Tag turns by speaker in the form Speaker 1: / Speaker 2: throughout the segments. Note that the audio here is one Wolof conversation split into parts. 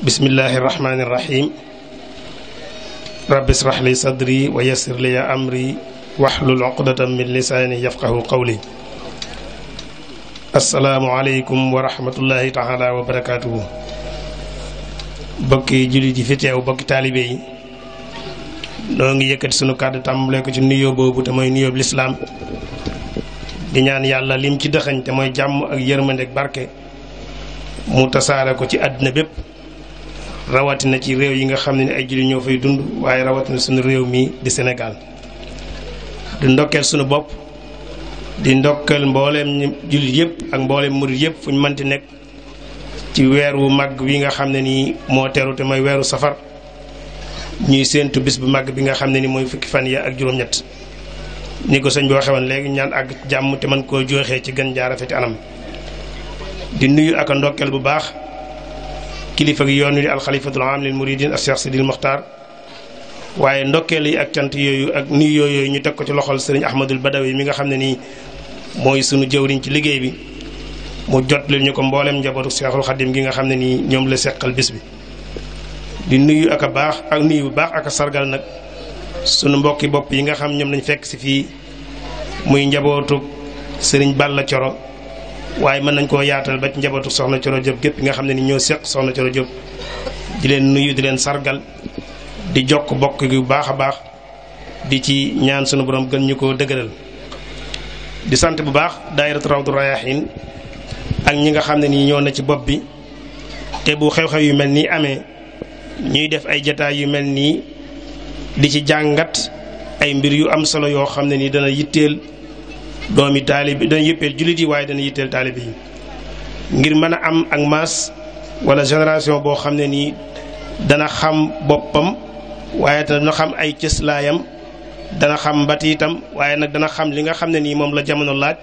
Speaker 1: bismillahi irrahmani irrahim rabbi israh li sadri wa yassir li amri wahlul uqdatan min lisaani yafqahu qawli asalaamu aleykum wa rahmatullahi taala bokki jullit yi fi teew bokki taalibe yi noo ngi yëkkati sunu kàddu tàmbale ko ci nuyoo boobu te mooy nuyoo lislaam di ñaan yàlla lim ci dëxañ te mooy jàmm ak yërmande ak barke mu tasaare ko ci àddina bépp rawatina ci réew yi nga xam ni ay jullit ñoo fay dund waaye rawatina suñu réew mii di senegal di ndokkeel suñu bopp di ndokkeel mbooleem jullit yëpp ak mbooleem murit yëpp fu ñu mënti nekk ci weer wu màgg wi nga xam ne nii moo teru te mooy weeru safar ñuy séentu bis bu màgg bi nga xam ne ni mooy fukki fan ya ak juróom-ñett ni ko sëñ boo waxee léegi ñaan ak jàmm te mën koo joxee ci gën jaarafeti anam di nuyu ak a ndokkeel bu baax kilifa gi yoon wi di alxalifatul am lil muridin Cheikh Sidil Mokhtar waaye ndokkeel yi ak cant yooyu ak nuyu yooyu ñu teg ko ci loxol sëriñ Ahmadul Badawi mi nga xam ne nii mooy sunu jëwriñ ci liggéey bi mu jot leen ñu ko mbooleem njabootu Seexul Xadim gi nga xam ne nii ñoom la seqal bis bi. di nuyu ak baax ak nuyu bu baax ak sargal nag sunu mbokki bopp yi nga xam ñoom lañ fekk si fii muy njabootu sëriñ Balla Coro. waaye mën nañ koo yaatal ba njabootu soxna Coro Diop gépp nga xam ne ni ñoo seq soxna Coro Diop di leen nuyu di leen sargal di jokk bokk yu baax a baax di ci ñaan sunu borom gën ñu koo dëgëral di sant bu baax daayiratu Rawdu Rayaahiin ak ñi nga xam ne nii ñoo na ci bopp bi te bu xew-xew yu mel nii amee ñuy def ay jataay yu mel nii di ci jàngat ay mbir yu am solo yoo xam ne nii dana yitteel doomi taalibe dana yëppeel jullit yi waaye dana yitteel taalibe yi ngir mën a am ak maas wala génération boo xam ne nii dana xam boppam waaye te dana xam ay cëslaayam dana xam mbatiitam waaye nag dana xam li nga xam ne nii moom la jamono laaj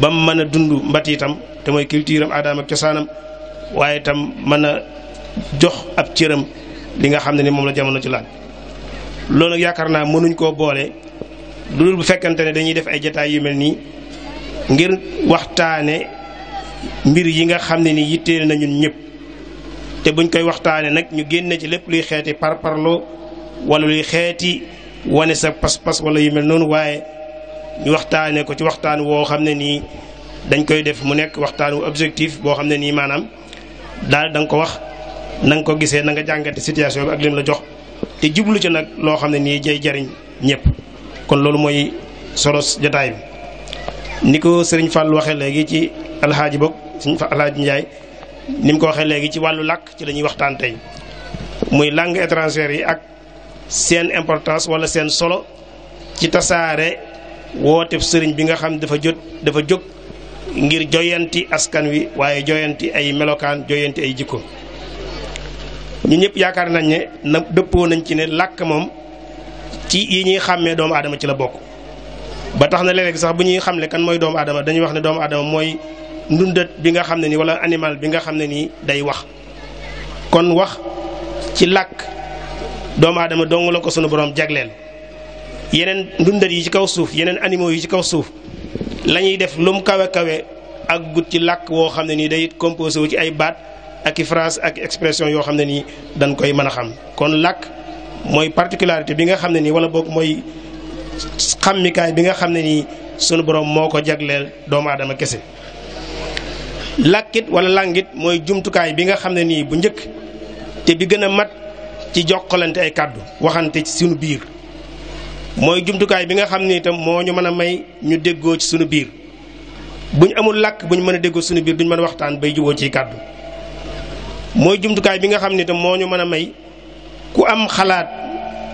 Speaker 1: ba mu mën a dund mbatiitam te mooy culture am aadaam cosaanam waaye itam mën a jox ab cëram li nga xam ne ni moom la jamono ci laaj loolu nag yaakaar naa mënuñ koo boole lu dul bu fekkante ne dañuy def ay jataay yu mel nii ngir waxtaane mbir yi nga xam ne ni yitteel nañu ñun ñëpp te buñ koy waxtaane nag ñu génne ci lépp luy xeeti parparloo wala luy xeeti wane sa pas-pas wala yu mel noonu waaye ñu waxtaane ko ci waxtaan woo xam ne nii dañ koy def mu nekk waxtaan wu objectif boo xam ne nii maanaam daal danga ko wax nanga ko gisee na nga jàngate situation bi ak lim la jox te jublu ci nag loo xam ne nii jay jariñ ñëpp kon loolu mooy solos jataay bi ni ko sëriñ Fall waxee léegi ci alxaaji bokk sëriñ Fall alxaaji Njaay ni mu ko waxee léegi ci wàllu làkk ci lañuy waxtaan tey muy langue étrangère yi ak seen importance wala seen solo ci tasaare woote sëriñ bi nga xam dafa jot dafa jóg ngir joyanti askan wi waaye joyanti ay melokaan joyanti ay jikko ñu ñëpp yaakaar nañ ne na nañ ci ne làkk moom ci yi ñuy xàmmee doomu aadama ci la bokk ba tax na léeg-léeg sax bu ñuy xamle kan mooy doomu aadama dañuy wax ne doomu aadama mooy ndundat bi nga xam ne nii wala animal bi nga xam ne nii day wax kon wax ci làkk doomu aadama dong la ko sunu boroom jagleel yeneen ndundat yi ci kaw suuf yeneen animaux yi ci kaw suuf la ñuy def lum kawe kawe ak gut ci làkk woo xam ne nii day composé wu ci ay baat ak i phrase ak expression yoo xam ne nii dañ koy mën a xam kon làkk mooy particularité bi nga xam ne nii wala boog mooy xàmmikaay bi nga xam ne nii sunu borom moo ko jagleel doomu aadama kese. làkkit wala làngit mooy jumtukaay bi nga xam ne nii bu njëkk te bi gën a mat ci jokkalante ay kàddu waxante ci sunu biir mooy jumtukaay bi nga xam ne itam moo ñu mën a may ñu déggoo ci sunu biir. bu ñu amul làkk bu ñu mën a déggoo suñu biir duñ mën a waxtaan bay juboo ciy kàddu mooy jumtukaay bi nga xam ne itam moo ñu mën a may ku am xalaat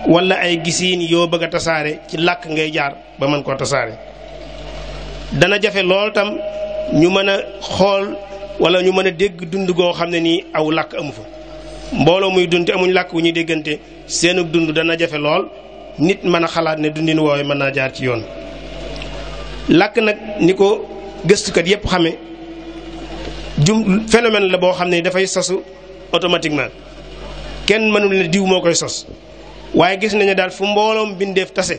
Speaker 1: wala ay gisiin yoo bëgg a tasaare ci làkk ngay jaar ba mën koo tasaare dana jafe lool tam ñu mën a xool wala ñu mën a dégg dund goo xam ne nii aw làkk amu fa mbooloo muy dund te amuñ làkk wu ñuy déggante seenug dund dana jafe lool nit mën a xalaat ne dundin woowee mën naa jaar ci yoon làkk nag ni ko gëstukat yépp xame jum phénomène la boo xam ne dafay sosu automatiquement kenn mënul diw moo koy sos waaye gis nañu daal fu mbooloom bindeef tase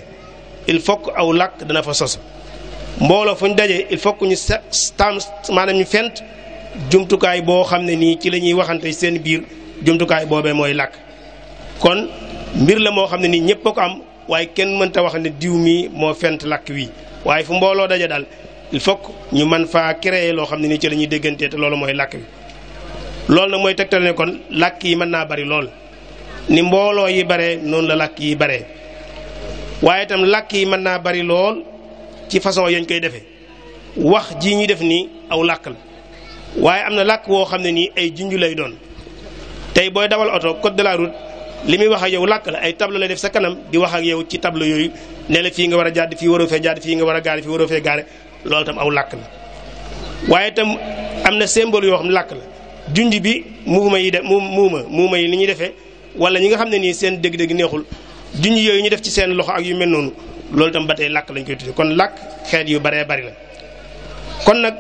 Speaker 1: il faut aw làkk dana fa sos mbooloo fu ñu dajee il faut que ñu se tam ñu fent jumtukaay boo xam ne nii ci la ñuy waxante seen biir jumtukaay boobee mooy làkk kon mbir la moo xam ne nii ñëpp a ko am waaye kenn mënta wax ne diw mii moo fent làkk wi waaye fu mbooloo daje daal il faut ñu mën faa créer loo xam ne nii ci la ñuy déggantee te loolu mooy làkk wi loolu nag mooy tegtal ne kon làkk yi mën naa bari lool ni mbooloo yi bare noonu la làkk yi bare waaye tam làkk yi mën naa bari lool ci façon yañ koy defee wax ji ñuy def nii aw làkk la waaye am na làkk woo xam ne nii ay junj lay doon tey booy dawal oto code de li muy wax ak yow làkk la ay tableau lay def sa kanam di wax ak yow ci tableau yooyu ne la fii nga war a jàdd fii waroo fee jàdd fii nga war a gaare fii waroo fee gaare loolu itam aw làkk waaye itam am na symbole yoo xam làkk la junj bi muuma yi def mouvement mouvement yi li ñuy defee. wala ñi nga xam ne nii seen dégg-dégg neexul junj yooyu ñu def ci seen loxo ak yu mel noonu loolu tam ba tey làkk lañ koy tudde kon làkk xeet yu baree bari la kon nag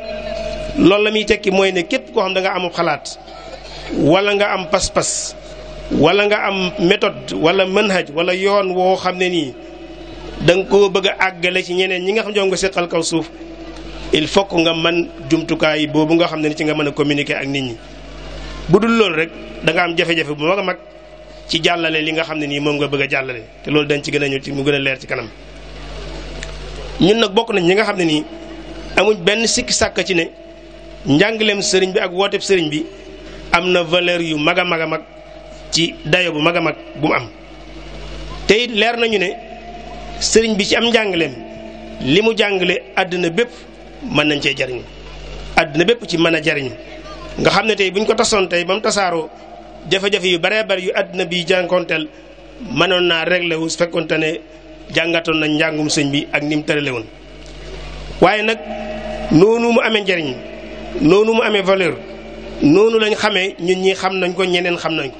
Speaker 1: loolu la muy tekki mooy ne képp koo xam da nga amul xalaat wala nga am pas wala nga am méthode wala manhaj wala yoon woo xam ne nii da ko koo bëgg àggale ci ñeneen ñi nga xam ñoo nga seqal kaw suuf il faut que nga man jumtukaay boobu nga xam ne ni ci nga mën a communiquer ak nit ñi bu dul loolu rek danga am jafe-jafe bu mag a mag ci jàllale li nga xam ne nii moom nga bëgg a jàllale te loolu dañ ci gëna a ñëw mu gën a leer ci kanam ñun nag bokk nañ li nga xam ne nii amuñ benn sikki sàkk ci ne njàngaleem sëriñ bi ak wooteeb sëriñ bi am na valeur yu mag a mag a mag ci dayo bu mag a mag bu am te it leer nañu ne sëriñ bi ci am njàngaleem li mu jàngale àddina bépp mën nañ cee jariñu àddina bépp ci mën a jariñu nga xam ne tey bu ñu ko tasoon tey ba mu tasaaroo jafe-jafe yu baree bari yu àddina bi jànkonteel mënoon naa réglé wu su fekkonte ne jàngatoon nañ njàngum sëñ bi ak ni mu tërale woon waaye nag noonu mu amee njariñ noonu mu amee valeur noonu lañ xamee ñun ñi xam nañ ko ñeneen xam nañ ko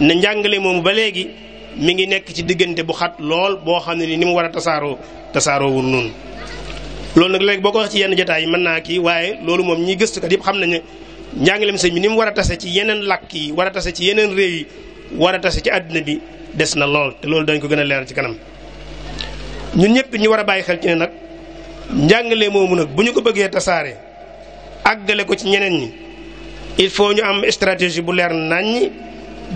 Speaker 1: ne njàngale moomu ba léegi mu ngi nekk ci diggante bu xat lool boo xam ne ni ni mu war a tasaaroo tasaaroo wul noonu loolu nag léegi boo ko ci yenn jotaay yi mën naa ki waaye loolu moom ñi gëstukat yëpp xam nañu njàngaleem sëñ mi ni mu war a tase ci yeneen làkk yi war a tase ci yeneen réew yi war a tase ci àddina bi des na lool te loolu dañ ko gën a leeral ci kanam ñun ñëpp ñu war a bàyyi xel ci ne nag njàngale moomu nag bu ñu ko bëggee tasaare àggale ko ci ñeneen ñi il faut ñu am stratégie bu leer naññ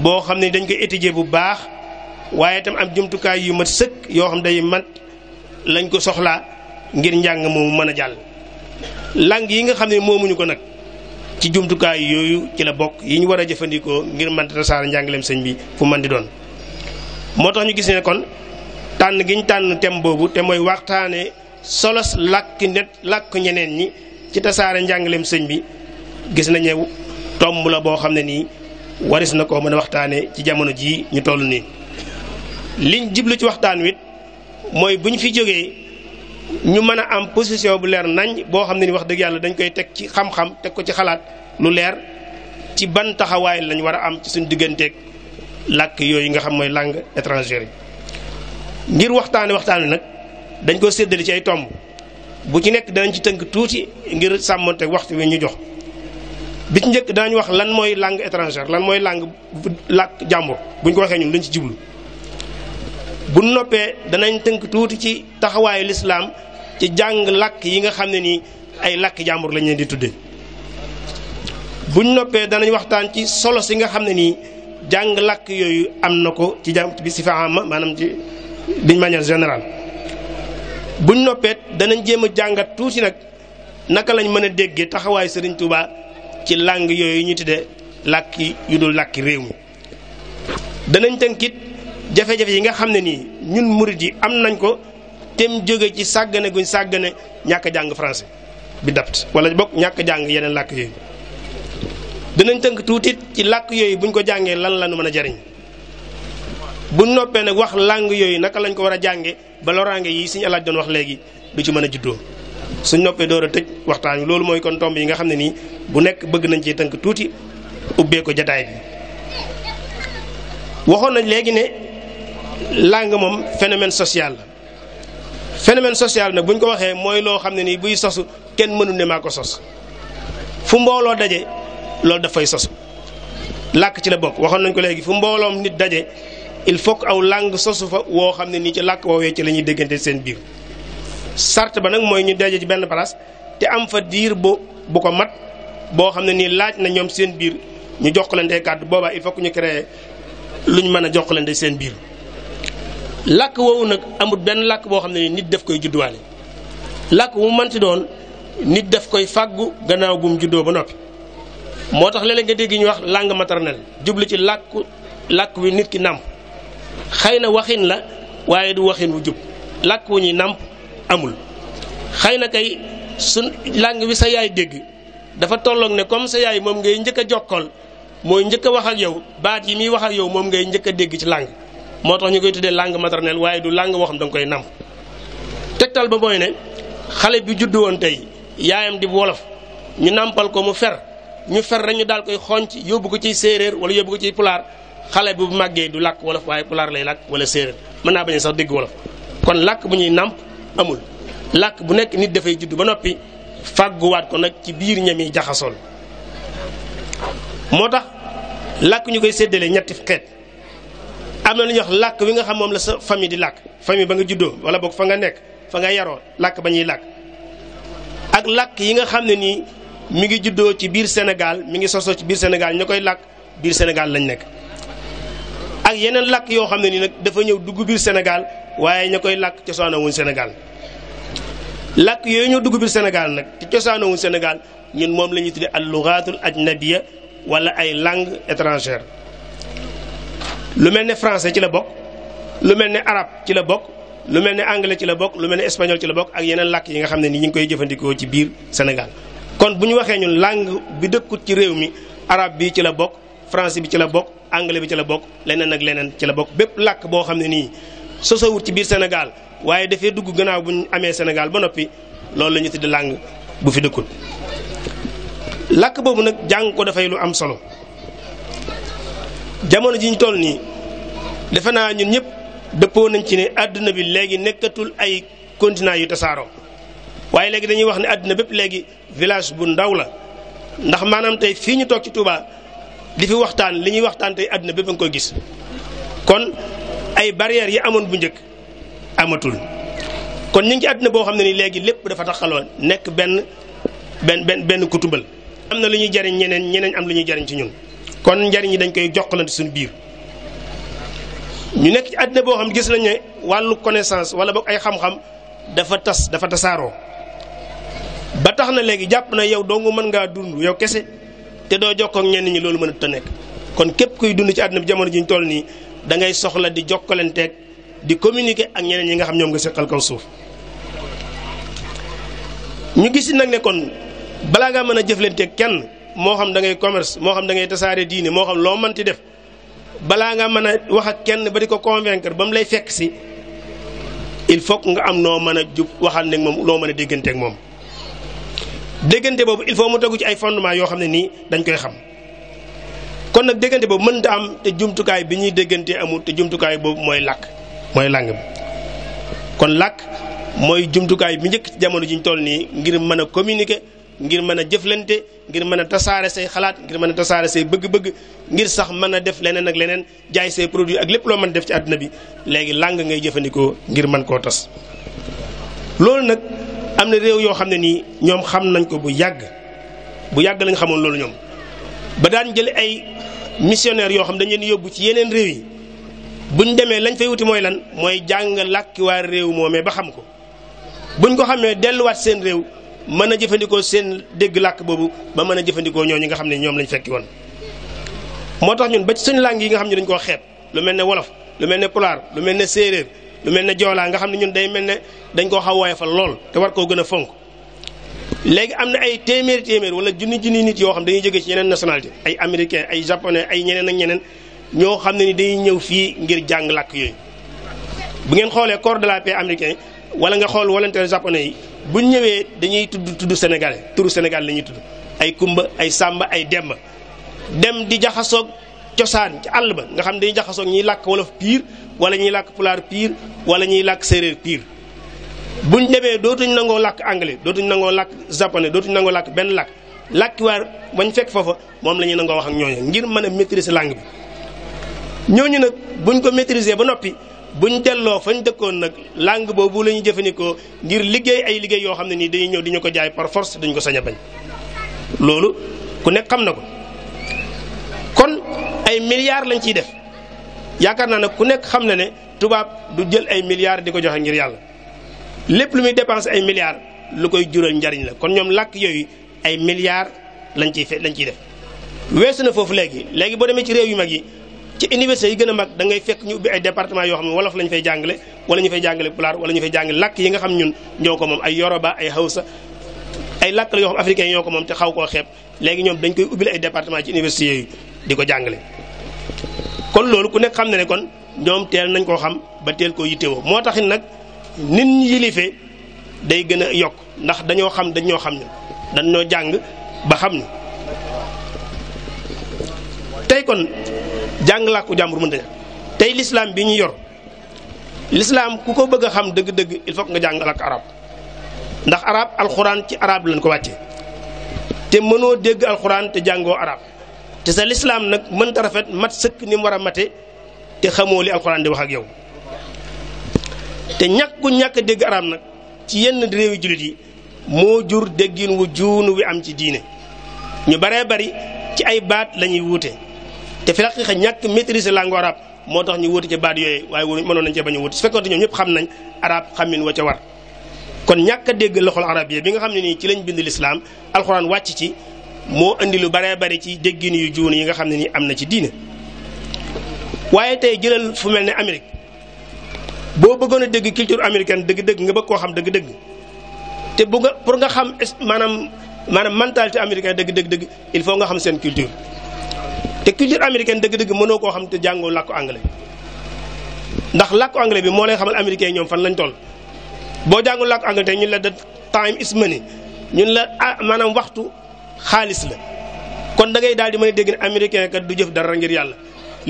Speaker 1: boo xam ne dañ koy étudier bu baax waaye itam am jumtukaay yu mat sëkk yoo xam day mat lañ ko soxlaa ngir njàng moomu mën a jàll. langue yi nga xam ne moomuñu ko nag. ci jumtukaay yooyu ci la bokk yi ñu war a jëfandikoo ngir mën tasaare njàngaleem sëñ bi fu man di doon. moo tax ñu gis ne kon tànn gi ñu tànn thème boobu te mooy waxtaane solos làkk net làkk ñeneen ñi ci tasaare njàngaleem sëñ bi gis nañu ne tomb la boo xam ne nii waris na ko mën a waxtaane ci jamono jii ñu toll nii liñ jiblu ci waxtaan wit mooy bu ñu fi jógee. ñu mën a am position bu leer nañ boo xam ne ni wax dëgg yàlla dañ koy teg ci xam-xam teg ko ci xalaat lu leer ci ban taxawaay lañ war a am ci suñu digganteeg làkk yooyu nga xam mooy langue étrangère yi. ngir waxtaane waxtaane nag dañ ko séddale ci tomb bu ci nekk danañ ci tënk tuuti ngir sàmmanteeg waxtu wi ñu jox bi ci njëkk danañ wax lan mooy langue étrangère lan mooy langue làkk jàmbur buñ ko waxee ñun luñ ci jiblu buñ noppee danañ tënk tuuti ci taxawaayu lislaam ci jàng làkk yi nga xam ne nii ay làkk jàmbur lañ leen di tudde buñ noppee danañ waxtaan ci solo si nga xam ne nii jàng làkk yooyu am na ko ci jàng bi si fa am maanaam ci d'une manière générale buñ noppee danañ jéem a jàngat tuuti nag naka lañ mën a déggee taxawaayu Serigne Touba ci langue yooyu ñu tudde làkk yu dul làkki réew mi danañ tënkit jafe-jafe yi nga xam ne nii ñun murid yi am nañ ko te mu jóge ci sàggane guñ sàggane ñàkk a jàng français bi dapt wala bokk ñàkk a jàng yeneen làkk yooyu dinañ tënk tuutit ci làkk yooyu buñ ko jàngee lan la nu mën a jariñ bu noppee nag wax langue yooyu naka lañ ko war a jànge ba loraange yi suñu alaaj doon wax léegi du ci mën a juddoo suñ noppee door a tëj waxtaan wi loolu mooy kon tomb yi nga xam ne nii bu nekk bëgg nañ ci tënk tuuti ubbee ko jataay làng moom phénomène sociale la phénomène social nag bu ñu ko waxee mooy loo xam ne nii buy sosu kenn mënul ne maa ko sos fu mbooloo daje loolu dafay sosu làkk ci la bokk waxoon nañ ko léegi fu mbooloom nit daje il faut que aw langue sosu fa woo xam ne nii ci làkk woowee ci la ñuy déggante seen biir sart ba nag mooy ñu daje ci benn place te am fa diir bu bu ko mat boo xam ne nii laaj na ñoom seen biir ñu joxlante kàddu boobaa il faut que ñu créer lu ñu mën a joxlante seen biir làkk woowu nag amul benn làkk boo xam ne nit daf koy judduwaale làkk mu manti doon nit daf koy fàggu gannaaw gum juddoo ba noppi moo tax léeg-léeg nga dégg ñu wax langue maternelle jublu ci làkk làkk wi nit ki nàmp xëy na waxin la waaye du waxin wu jub làkk wu ñuy nàmp amul xëy na kay su langue wi sa yaay dégg dafa tolloog ne comme sa yaay moom ngay njëkk a mooy njëkk a yow baat yi muy wax ak yow moom ngay njëkk dégg ci langue moo tax ñu koy tuddee langue maternelle waaye du langue boo xam koy nam tegtal ba mooy ne xale bi judd woon tey yaayam di wolof ñu nàmpal ko mu fer ñu fer rek ñu daal koy xonc yóbbu ko ci séeréer wala yóbbu ko ci pulaar xale bu màggee du làkk wolof waaye pulaar lay làkk wala séeréer mën naa bañ sax dégg wolof kon làkk bu ñuy nàmp amul làkk bu nekk nit dafay judd ba noppi fàgguwaat ko nag ci biir ñam yi jaxasool moo tax làkk ñu koy séddale ñetti xeet am na lu ñuy wax làkk wi nga xam moom la sa famille di làkk famille ba nga juddoo wala boog fa nga nekk fa nga yaroo làkk ba ñuy làkk ak làkk yi nga xam ne nii mu ngi juddoo ci biir Sénégal mi ngi sosoo ci biir Sénégal ña koy làkk biir Sénégal lañ nekk ak yeneen làkk yoo xam ne nii nag dafa ñëw dugg biir Sénégal waaye ña koy làkk cosaana wuñ Sénégal làkk yooyu ñëw dugg biir Sénégal nag te cosaana wuñ Sénégal ñun moom la ñuy tuddee al lughaatul ajnabiyya wala ay langue étrangère lu mel ne français ci la bokk lu mel ne arabe ci la bokk lu mel ne anglais ci la bokk lu mel ne espagnol ci la bokk ak yeneen làkk yi nga xam ne ni ñu ngi koy jëfandikoo ci biir Sénégal kon bu ñu waxee ñun langue bi dëkkut ci réew mi arabe bi ci la bokk français bi ci la bokk anglais bi ci la bokk leneen ak leneen ci la bokk bépp làkk boo xam ne nii sosowut ci biir Sénégal waaye dafay dugg gannaaw bu ñu amee Sénégal ba noppi loolu la ñu tudd langue bu fi dëkkut làkk boobu nag jàng ko dafay lu am solo jamono ji ñu toll nii defe naa ñun ñëpp dëppoo nañ ci ne àdduna bi léegi nekkatul ay continent yu tasaaroo waaye léegi dañuy wax ne àdduna bépp léegi village bu ndaw la ndax maanaam tey fii ñu toog ci Touba di fi waxtaan li ñuy waxtaan tey àdduna bépp nga koy gis kon ay barrières yi amoon bu njëkk amatul kon ñu ngi ci àdduna boo xam ne ni léegi lépp dafa taxaloo nekk benn benn benn benn kutubal am na lu ñuy jariñ ñeneen ñeneen am lu ñuy jariñ ci ñu kon njariñ yi dañ koy jokkalante suñu biir ñu nekk ci àddina boo xam gis nañ ne wàllu connaissance wala boog ay xam-xam dafa tas dafa tasaaroo ba tax na léegi jàpp na yow dong mën ngaa dund yow kese te doo jokkoo ak ñenn ñi loolu mën a nekk kon képp kuy dund ci àddina bi jamono ji ñu toll nii da ngay soxla di jokkalanteeg di communiquer ak ñeneen ñi nga xam ñoom nga seqal kaw suuf ñu gis nag ne kon balaa ngaa mën a jëflanteek kenn. moo xam da ngay commerce moo xam dangay ngay tasaare diine moo xam loo man mënti def balaa nga mën a wax ak kenn ba di ko convaincre ba mu lay fekk si il faut nga am noo mën a jub waxal ak moom loo mën a déggante ak moom. déggante boobu il faut mu tegu ci ay fondement yoo xam ne nii dañ koy xam kon nag déggante boobu mën ta am te jumtukaay bi ñuy déggante amul te jumtukaay boobu mooy làkk mooy làng bi kon làkk mooy jumtukaay bi njëkk jamono ji ñu toll nii ngir mën a communique ngir mën a jëflante ngir mën a tasaare say xalaat ngir mën a tasaare say bëgg-bëgg ngir sax mën a def leneen ak leneen jaay say produit ak lépp loo mën def ci àdduna bi léegi làng ngay jëfandikoo ngir mën koo tas loolu nag am na réew yoo xam ne nii ñoom xam nañ ko bu yàgg bu yàgg lañ xamoon loolu ñoom ba daan jël ay missionnaires yoo xam dañ leen yóbbu ci yeneen réew yi buñ demee lañ fay wuti mooy lan mooy jàng làkki waa réew moomee ba xam ko buñ ko xamee seen réew mën a jëfandikoo seen dégg làkk boobu ba mën a jëfandikoo ñooñu nga xam ne ñoom lañu fekki woon moo tax ñun ba ci suñu langue yi nga xam ne dañ koo xeeb lu mel ne wolof lu mel ne pulaar lu mel ne séeréer lu mel ne joolaa nga xam ne ñun day mel ne dañ koo xaw waaye fa lool te war koo gën a fonk léegi am na ay téeméeri téeméer wala junni junni nit yoo xam dañuy jóge ci yeneen nationalité ay américain ay japonais ay ñeneen ak ñeneen ñoo xam ne ni day ñëw fii ngir jàng làkk yooyu bu ngeen xoolee corps de la paix américain wala nga xool volontaire japonais yi bu ñëwee dañuy tudd tudd sénégalais turu sénégal la ñuy tudd ay kumba ay sàmba ay demba dem di jaxasoog cosaan ci àll ba nga xam ne dañuy jaxasoog ñiy làkk wolof piir wala ñuy làkk pulaar piir wala ñuy làkk séeréer piir buñ demee dootuñ nangoo làkk anglais dootuñ nangoo làkk japonais dootuñ nangoo làkk benn làkk làkki waar bañ fekk foofa moom la ñuy nangoo wax ak ñooñu ngir mën a maîtriser langue bi ñooñu nag buñ ko maîtriser ba noppi buñ delloo fañ dëkkoon nag langue boobu la ñuy jëfandikoo ngir liggéey ay liggéey yoo xam ne nii dañuy ñëw di ñu ko jaay par force duñ ko sañ a bañ loolu ku nekk xam na ko kon ay milliards lañ ciy def yaakaar naa nag ku nekk xam ne ne tubaab du jël ay milliards di ko joxe ngir yàlla lépp lu muy dépense ay milliards lu koy jural njariñ la kon ñoom làkk yooyu ay milliards lañ ciy fe lañ ciy def weesu na foofu léegi léegi boo demee ci réew yu mag yi. ci université yi gën a mag dangay fekk ñu ubbi ay département yoo xam ne wolof lañu fay jàngale wala ñu fay jàngale pulaar wala ñu fay jàngale làkk yi nga xam ñun ñoo ko moom ay yoroba ay hausa ay làkk la yoo xam africain yi ñoo ko moom te xaw koo xeep léegi ñoom dañ koy ubbi ay département ci université yooyu di ko jàngale kon loolu ku nekk xam ne ne kon ñoom teel nañ koo xam ba teel koo yittewoo moo taxit nag nit ñi yilifee day gën a yokk ndax dañoo xam dañ ñoo xam ñu dañ ñoo jàng ba xam ñu tey kon jàng làkku jàmbur mënta tey lislaam bi ñu yor lislaam ku ko bëgg xam dëgg-dëgg il faut nga jàng làkk arab ndax arab alxuraan ci arab lañ ko wàcce te mënoo dégg alxuraan te jàngoo arab te sa lislaam nag mënta rafet mat sëkk ni mu war a mate te xamoo li alxuraan di wax ak yow te ñàkk ñàkk a dégg arab nag ci yenn réewi jullit yi moo jur déggin wu juunu wi am ci diine ñu baree bari ci ay baat lañuy wuute te fi xaqiqa ñàkk maîtriser langue arabe moo tax ñu wóote ca baat yooyu waaye waruñ mënoon nañ cee bañ a wóote su fekkoon te ñoom ñëpp xam nañ arab xamin wa ca war kon ñàkk dégg loxol arab yi bi nga xam ne nii ci lañ bind lislaam alxuraan wàcc ci moo indi lu baree bari ci déggin yu juun yi nga xam ne nii am na ci diine waaye tey jëlal fu mel ni Amérique boo bëggoon a dégg culture américaine dëgg-dëgg nga bëgg koo xam dëgg dégg te bu nga pour nga xam maanaam maanaam mentalité américaine dëgg-dëgg dëgg il faut nga xam seen culture culture américaine dëgg-dëgg mënoo koo xam te jàngoo làkku anglais ndax làkku anglais bi moo lay xamal américain ñoom fan lañ toll boo jàngul làkku anglais te ñun la the time is money ñun la a maanaam waxtu xaalis la kon da ngay daal di mën a dégg ne américain kat du jëf dara ngir yàlla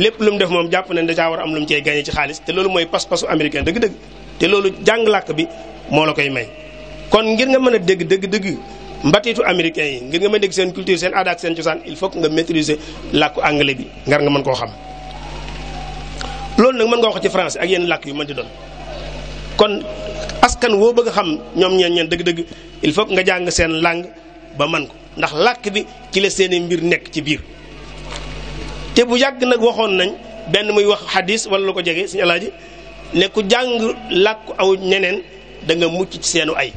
Speaker 1: lépp lu mu def moom jàpp nañ da caa war am lu mu cee gagné ci xaalis te loolu mooy pas-pasu américain dëgg-dëgg te loolu jàng làkk bi moo la koy may kon ngir nga mën a dégg dëgg mbatiitu américain yi ngir nga mën dégg seen culture seen aada ak seen cosaan il faut que nga maîtriser làkku anglais bi ngar nga mën koo xam loolu nag mën nga wax ci france ak yenn làkk yu mën ti doon kon askan woo bëgg a xam ñoom ñeen ñeen dëgg-dëgg il faut nga jàng seen langue ba man ko ndax làkk bi ci la seeni mbir nekk ci biir te bu yàgg nag waxoon nañ benn muy wax xadis wala lu ko jege suñu alaaji ne ku jàng làkku aw ñeneen da nga mucc ci seenu ay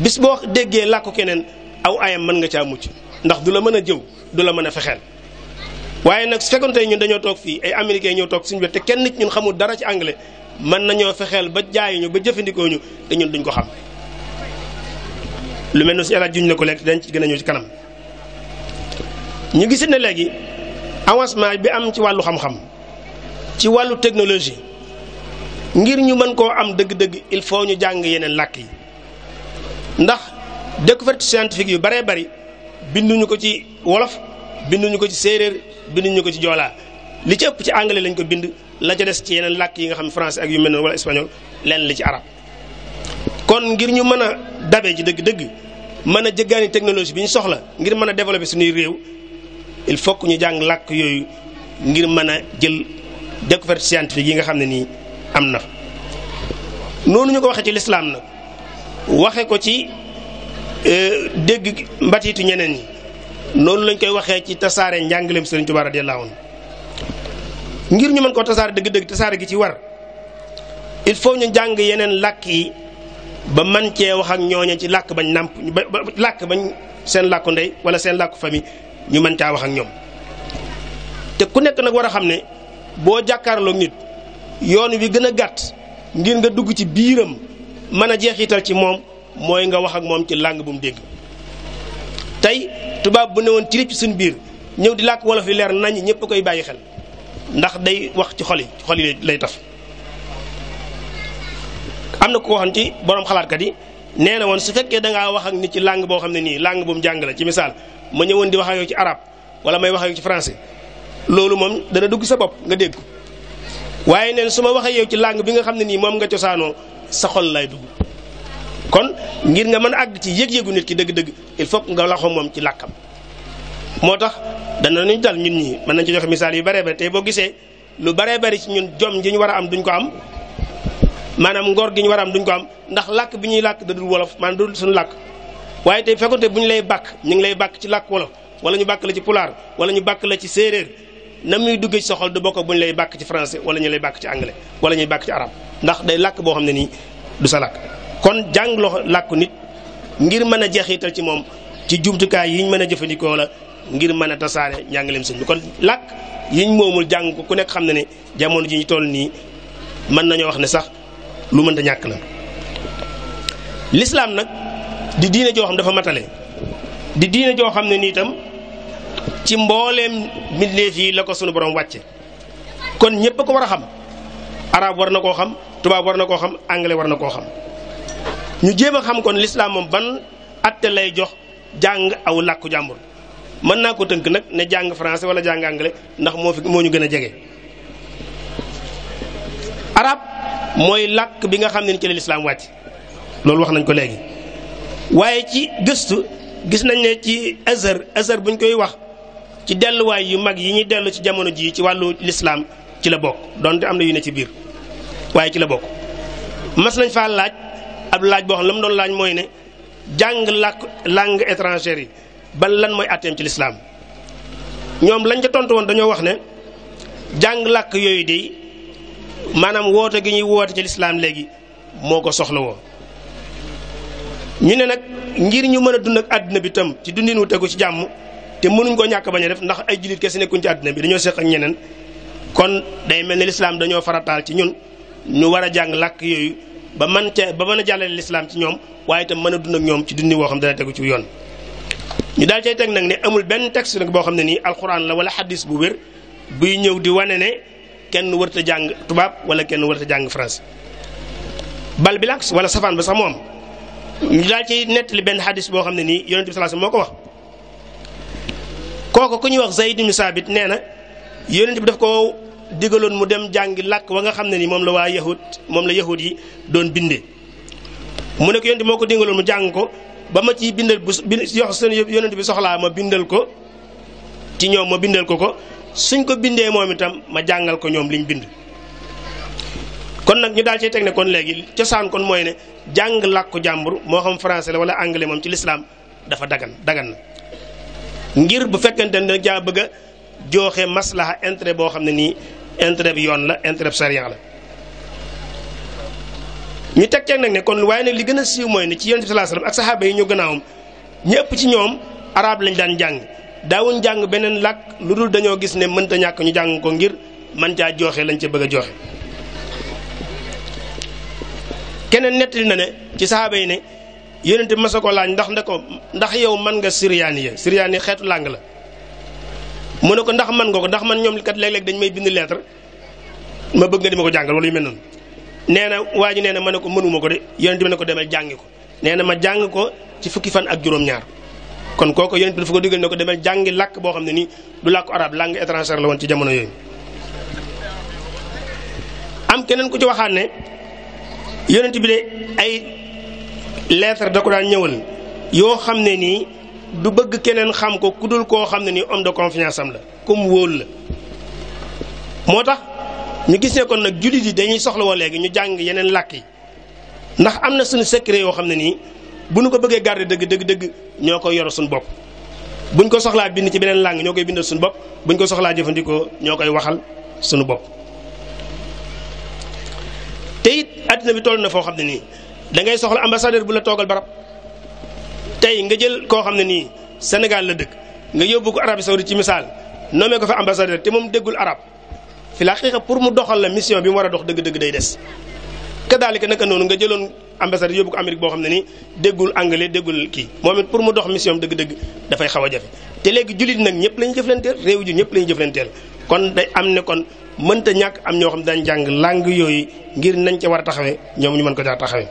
Speaker 1: bis boo déggee làkku keneen aw ayam mën nga caa mucc ndax du la mën a jëw du la mën a fexeel waaye nag su fekkoon ñun dañoo toog fii ay américains ñoo toog suñu wet te kenn nit ñun xamul dara ci anglais mën nañoo fexeel ba jaayi ba jëfandikoo ñu te ñun duñ ko xam lu mel ne su El Hadj juñ na ko lekk dañ ci gën a ñëw ci kanam ñu gisit ne léegi avancement bi am ci wàllu xam-xam ci wàllu technologie ngir ñu mën koo am dëgg-dëgg il faut ñu jàng yeneen làkk yi. ndax découverte scientifique yu baree bari binduñu ko ci wolof binduñu ko ci séeréer binduñu ko ci joolaa li ci ëpp ci anglais lañ ko bind la ca des ci yeneen làkk yi nga xam français ak yu mel noonu wala espagnol leen li ci arab kon ngir ñu mën a dabe ci dëgg-dëgg mën a jëggaani technologie bi ñu soxla ngir mën a développer suñuy réew il faut que ñu jàng làkk yooyu ngir mën a jël découverte scientifique yi nga xam ne nii am na noonu ñu ko waxee ci lislaam nag waxe ko ci euh, dégg mbatiitu ñeneen yi noonu lañ koy waxee ci tasaare njàngaleem sëriñ Tuubaa radiyallaahu anhu ngir ñu mën koo tasaare dégg dëgg tasaare gi ci war il faut ñu jàng yeneen làkk yi ba man cee wax ak ñooña ci làkk bañ nàmp làkk bañ seen làkku ndey wala seen làkku famille ñu mën caa wax ak ñoom te ku nekk nag war a xam ne boo jàkkaarloo nit yoon wi gën a gàtt ngir nga dugg ci biiram man a jeexital ci moom mooy nga wax ak moom ci langue bu mu dégg tey tubaab bu ne woon ci suñ biir ñëw di làkk wolof yi leer nañ ñëpp koy bàyyi xel ndax day wax ci xol yi xol lay taf. am na ku waxoon ci borom xalaatkat yi nee na woon su fekkee da ngaa wax ak nit ci langue boo xam ne nii langue bu mu jàng la ci misaal ma ñëwoon di wax ak yow ci arab wala may wax ak yow ci français loolu moom dana dugg sa bopp nga dégg waaye neen su ma waxee yow ci langue bi nga xam ne nii moom nga cosaanoo. sa xol lay dugg kon ngir nga mën a àgg ci yëg-yëgu nit ki dëgg-dëgg il faut nga laxoo moom ci làkkam moo tax dana nañ dal ñun ñi mën nañ ci joxe misaal yu bare bari tey boo gisee lu baree bari ci ñun jom ji ñu war a am duñ ko am maanaam ngor gi ñu war a am duñ ko am ndax làkk bi ñuy làkk da dul wolof maanaam dul suñu làkk waaye tey fekkonte bu ñu lay bàkk ñu ngi lay bàkk ci làkk wolof wala ñu bàkk la ci pulaar wala ñu bàkk la ci séeréer na muy duggee ci sa xol du bokk bu ñu lay bàkk ci français wala ñu lay bàkk ci anglais wala ñuy bàkk ci arab ndax day làkk boo xam ne nii du sa làkk kon jàng loo làkku nit ngir mën a jeexital ci moom ci jumtukaay yi ñu mën a jëfandikoo la ngir mën a tasaare njàngaleem sëñ bi kon làkk yiñ moomul jàng ko ku nekk xam ne ni jamono ji ñu toll nii mën nañoo wax ne sax lu mën mënta ñàkk la lislaam nag di diine joo xam dafa matale di diine joo xam ne nii itam ci mbooleem mbindeef yi la ko sunu borom wàcce kon ñëpp ko war a xam arab war na koo xam tubaab war na koo xam anglais war na koo xam ñu jéem a xam kon lislaam moom ban atte lay jox jàng aw làkku jàmbur mën naa ko tënk nag ne jàng français wala jàng anglais ndax moo fi moo ñu gën a jege arab mooy làkk bi nga xam ne ci la lislaam wàcc loolu wax nañ ko léegi waaye ci gëstu gis nañ ne ci azar azar buñ koy wax ci delluwaay yu mag yi ñuy dellu ci jamono jii ci wàllu lislaam ci la bokk donte am na yu ne ci biir waaye ci la bokk mas nañ faa laaj ab laaj boo xam la mu doon laaj mooy ne jàng làkk langue étrangère yi ban lan mooy atteem ci lislaam ñoom lañ te tontu woon dañoo wax ne jàng làkk yooyu de maanaam woote gi ñuy woote ci lislaam léegi moo ko soxla woo ñu ne nag ngir ñu mën a dund ak àdduna bi tam ci dundin wu tegu ci jàmm te mënuñ ko ñàkk bañ a def ndax ay jullit kes nekkuñ ci àddina bi dañoo seq ak ñeneen kon day mel ne lislaam dañoo farataal ci ñun ñu war a jàng làkk yooyu ba man ca ba mën a jàllale lislaam ci ñoom waaye tam mën a dund ak ñoom ci dundi woo xam ne dana tegu ci yoon ñu daal cay teg nag ne amul benn texte nag boo xam ne nii alxuraan la wala xadis bu wér buy ñëw di wane ne kenn wërta jàng tubaab wala kenn wërta jàng français bal bilax wala safaan ba sax moom ñu daal ci nettali benn xadis boo xam ne nii yonente bi sallallahu moo ko wax kooku ku ñuy wax Zayd ibn Saabit nee na yonent bi daf koo digaloon mu dem jàngi làkk wa nga xam ne ni moom la waa yahud moom la yahud yi doon bindee mu ne ko yonent bi moo ko digaloon mu jàng ko ba ma ciy bindal bu yox bi soxlaa ma bindal ko ci ñoom ma bindal ko ko suñ ko bindee moom itam ma jàngal ko ñoom liñ bind kon nag ñu daal cee teg ne kon léegi cosaan kon mooy ne jàng làkku jàmbur moo xam français la wala anglais moom ci lislaam dafa dagan dagan na ngir bu fekkente ne jaa bëgg a jooxe maslaha intérêt boo xam ne nii intérêt bi yoon la intérêt bi la ñu teg teg nag ne kon waaye nag li gën a siiw mooy ne ci yonent bi sallallahu ak saxaaba yi ñu gannaawam ñëpp ci ñoom arab lañ daan jàng daawuñ jàng beneen làkk lu dul dañoo gis ne mënta ñàkk ñu jàng ko ngir man caa jooxe lañ ca bëgg a jooxe keneen nettali na ne ci saxaaba yi ne yonent bi masa ko laaj ndax ne ko ndax yow man nga siryaani ya siryaani xeetu làng la mu ne ko ndax man nga ko ndax man ñoom kat léeg-léeg dañ may bind lettre ma bëgg nga di ko jàngal wala yu mel noonu nee na waa ji nee na ma ne ko mënuma ko de yonent bi ne ko demal jàngi ko nee na ma jàng ko ci fukki fan ak juróom-ñaar kon kooku yonent bi dafa ko digal ne làkk boo xam ne nii du làkku arab làng étrangère la woon ci jamono yooyu am keneen ku ci waxaat ne yonent bi de ay lettre da ko daan ñëwal yoo xam ne nii du bëgg keneen xam ko ku dul koo xam ne nii homme de confiance am la comme wóolu la moo tax ñu gis ne kon nag jullit yi dañuy soxla woo léegi ñu jàng yeneen làkk yi ndax am na suñu secret yoo xam ne nii bu ñu ko bëggee garder dëgg dëgg ñoo koy yore suñu bopp buñ ko soxlaa bind ci beneen làng ñoo koy bindal suñu bopp buñ ko soxlaa jëfandikoo ñoo koy waxal suñu bopp te it àddina bi toll na foo xam ne nii da ngay soxla ambassadeur bu la toogal barab tey nga jël koo xam ne nii Sénégal la dëkk nga yóbbu ko Arabie Saoudite ci misaal nommé ko fa ambassadeur te moom déggul arab fi la xaqiqa pour mu doxal mission bi war a dox dëgg-dëgg day des kadaalika naka noonu nga jëloon ambassadeur yóbbu ko Amérique xam ne nii déggul anglais déggul kii moom it pour mu dox mission dëgg-dëgg dafay xaw a jafe te léegi jullit nag ñëpp la ñu jëflanteel réew ji ñëpp la ñu kon day am ne kon mënta ñàkk am ñoo xam dañ jàng langue yooyu ngir nañ ca war a taxawee ñoom ñu mën ko caa taxawee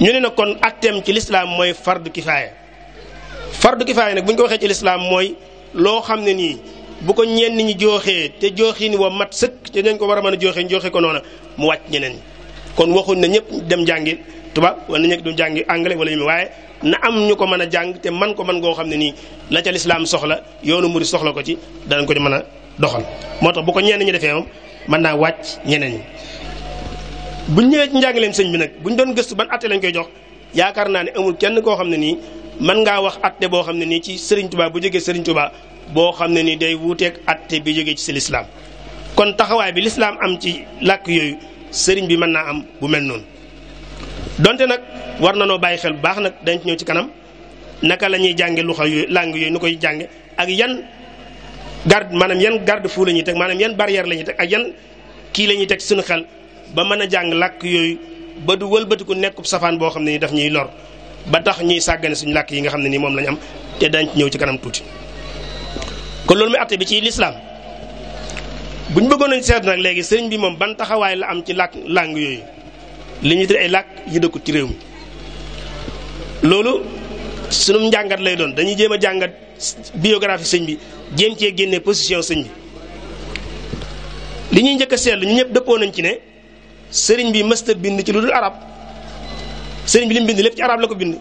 Speaker 1: ñu ne nag kon atteem ci lislaam mooy fardu kifaaya fardu kifaaya nag bu ñu ko waxee ci lislaam mooy loo xam ne nii bu ko ñenn ñi jooxee te jooxin wa mat sëkk te dañ ko war a mën a jooxee jooxe ko noona mu wàcc ñeneen kon waxuñ na ñëpp dem jàngi tubaab wala ñëpp du jàngi anglais wala ñu waaye na am ñu ko mën a jàng te man ko man goo xam ne nii la ca lislaam soxla yoonu muri soxla ko ci danañ ko ci mën a doxal moo tax bu ko ñenn ñi defee mën naa wàcc ñeneen ñi buñ ñëwee ci njàngaleem sëñ bi nag buñ doon gëstu ban atte lañ koy jox yaakaar naa ne amul kenn koo xam ne nii mën ngaa wax atte boo xam ne nii ci sëriñ Tuubaa bu jógee sëriñ Tuubaa boo xam ne nii day wuuteeg atte bi jógee ci si lislaam kon taxawaay bi lislaam am ci làkk yooyu sëriñ bi mën naa am bu mel noonu donte nag war na noo bàyyi xel bu baax nag dañ ci ñëw ci kanam naka la ñuy jànge luxa yooyu langue yooyu nu koy jànge ak yan garde maanaam yan garde fou la ñuy teg maanaam yan barrière la ñuy teg ak yan kii la ñuy teg suñu xel ba mën a jàng làkk yooyu ba du wëlbatiku nekkub safaan boo xam ne ni daf ñuy lor ba tax ñuy sàggane suñu làkk yi nga xam ne nii moom lañ am te dañ ci ñëw ci kanam tuuti kon loolu muy atte bi ci lislaam bu ñu bëggoon seet nag léegi sëriñ bi moom ban taxawaay la am ci làkk làng yooyu li ñuy tuddee ay làkk yi dëkkut ci réew mi loolu sunu njàngat lay doon dañuy jéem a jàngat biographie sëñ bi jéem cee génne position sëñ bi li ñuy njëkk a seetlu ñu ñëpp dëppoo nañ ci ne sëriñ bi mësta bind ci lu dul arab sëriñ bi li bind lépp ci arab la ko bind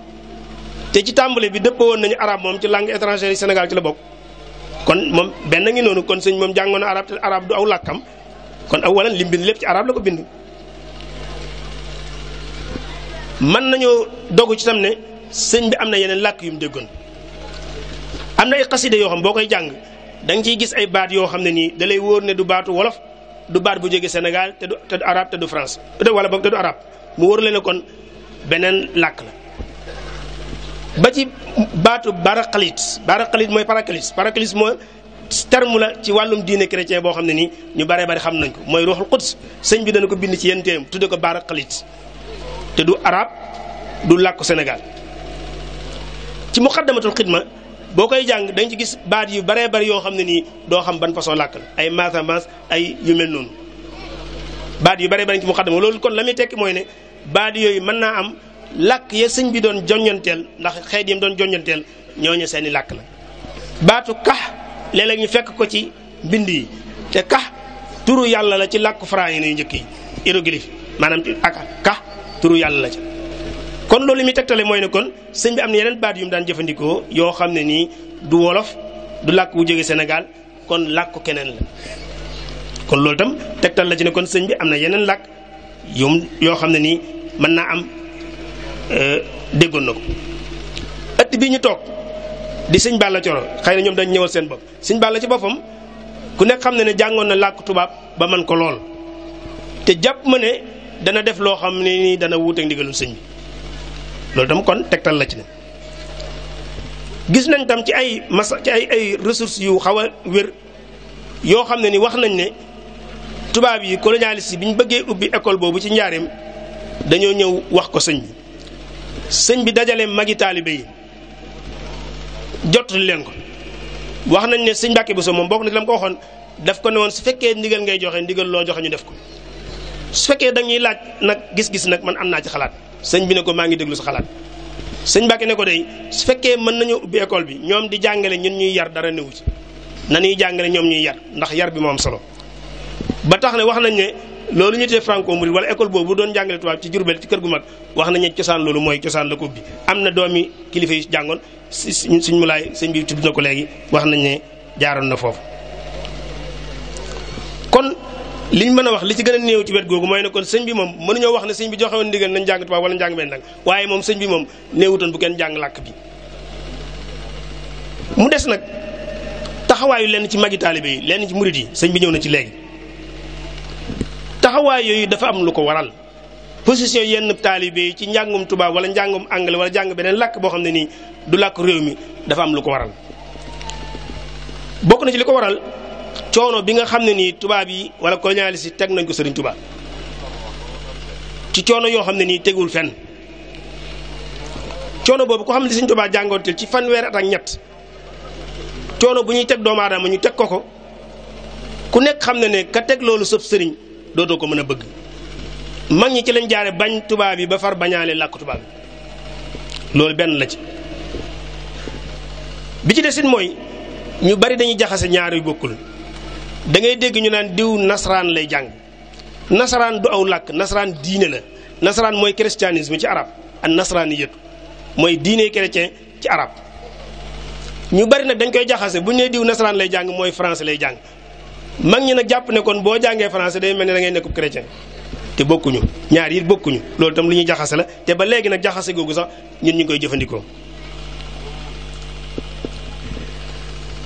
Speaker 1: te ci tàmbale bi dëppoo woon nañu araab moom ci langue étrangère yi Sénégal ci la bokk kon moom benn ngi noonu kon sëñ moom jàngoon na arab te arab du aw làkkam kon aw walan li bind lépp ci arab la ko bind mën nañoo dogu ci tam ne sëñ bi am na yeneen làkk yu mu déggoon am na ay xasida yoo xam boo koy jàng da nga ciy gis ay baat yoo xam ne nii dalay lay wóor ne du baatu wolof du baat bu jóge Sénégal te du te du te du France wala boog te du arabe mu wóor leen kon beneen làkk la. ba ci baatu baraqalit baraqalit mooy paraclis xalit mooy terme la ci wàllum diine chrétien boo xam ne nii ñu baree bari xam nañ ko mooy ruuxul quds sëñ bi dana ko bind ci yenn téem tudde ko baraqalit te du arab du làkku Sénégal ci muqaddamatul xidma boo koy jàng dañu ci gis baat yu baree bari yoo xam ne nii doo xam ban façon làkk la ay maatamas ay yu mel noonu baat yu baree bari ci muqaddama loolu kon la muy tekki mooy ne baat yooyu mën naa am làkk ya sëñ bi doon joññanteel ndax xeet yi doon joññanteel ñooñu seen i làkk la baatu kax léeg ñu fekk ko ci mbind yi te kax turu yàlla la ci làkku faraayin yu njëkk yi hiéroglyphe maanaam ak kax turu yàlla la ci kon loolu mi tegtale mooy ne kon sëñ bi am na yeneen baat yu daan jëfandikoo yoo xam ne nii du wolof du làkk bu jóge Sénégal kon làkk keneen la kon loolu itam tegtal la ci ne kon sëñ bi am na yeneen làkk yum yoo xam ne nii mën naa am euh, déggoon na ko ëtt bii ñu toog di sëñ Balla Coro xëy na ñoom dañ ñëwal seen bopp sëñ Balla ci boppam ku nekk xam ne ne jàngoon na làkk tubaab ba man ko lool te jàpp ma ne dana def loo xam ne nii dana wuuteeg ndigalul sëñ bi loolu tam kon tegtal la ci ne gis nañ tam ci ay masa ci ay ay ressources yu xaw a wér yoo xam ne ni wax nañ ne tubaab yi colonialiste yi bi ñu bëggee ubbi école boobu ci njaareem dañoo ñëw wax ko sëñ bi sëñ bi dajale magi taalibe yi jot leen ko wax nañ ne sëñ Mbàkke Bousso moom bokk na ci la ko waxoon daf ko ne woon su fekkee ndigal ngay joxe ndigal loo joxe ñu def ko su fekkee dañuy laaj nag gis-gis nag man am naa ci xalaat sëñ bi ne ko maa ngi déglu sa xalaat sëñ Mbàkke ne ko day su fekkee mën nañu ubbi école bi ñoom di jàngale ñun ñuy yar dara newu ci na ñuy jàngale ñoom ñuy yar ndax yar bi moo am solo ba tax ne wax nañ ne loolu ñu tee franco mouride wala école boobu doon jàngale tubaab ci Jurbel ci kër gu mag wax nañ ne cosaan loolu mooy cosaan la ko ubbi am na doomi kilifa yi jàngoon si suñ mu laay sëñ bi tudd na ko léegi wax nañ ne jaaroon na foofu liñ mën a wax li ci gën a néew ci wet googu mooy ne kon sëñ bi moom mënuñoo wax ne sëñ bi joxe woon ndigal nañ jàng tubaab wala njàng benn waaye moom sëñ bi moom néewutoon bu kenn jàng làkk bi des nag taxawaayu lenn ci magi taalibe yi lenn ci murit yi sëñ bi ñëw na ci léegi taxawaay yooyu dafa am lu ko waral position yenn taalibe yi ci njàngum tubaab wala njàngum anglais wala njàng beneen làkk boo xam ne nii du làkk réew mi dafa am lu ko waral bokk na ci li ko waral coono bi nga xam ne nii tubaab yi wala colonialiste yi teg nañ ko sëriñ Touba ci coono yoo xam ne nii tegul fenn coono boobu ko xam ne Serigne Touba jàngoonteel ci fanweer at ak ñett coono bu ñuy teg doomu aadama ñu teg ko ko ku nekk xam ne ne ka teg loolu sëb sëriñ dootoo ko mën a bëgg mag ñi ci lañ jaare bañ tubaab yi ba far bañaale làkk tubaab loolu benn la ci bi ci desit mooy ñu bari dañuy jaxase ñaar yu bokkul da ngay dégg ñu naan diw nasaraan lay jàng nasaraan du aw làkk nasaraan diine la nasaraan mooy christianisme ci arab ak nasaraan yëpp mooy diine chrétien ci arab ñu bari nag dañ koy jaxase bu ñu nee diw nasaraan lay jàng mooy français lay jàng mag ñi ne jàpp nekkoon boo jàngee français day mel ne da ngay nekkub chrétien te bokkuñu ñaari yi bokkuñu loolu tam lu ñuy jaxase la te ba léegi nag jaxase googu sax ñun ñu koy jëfandikoo.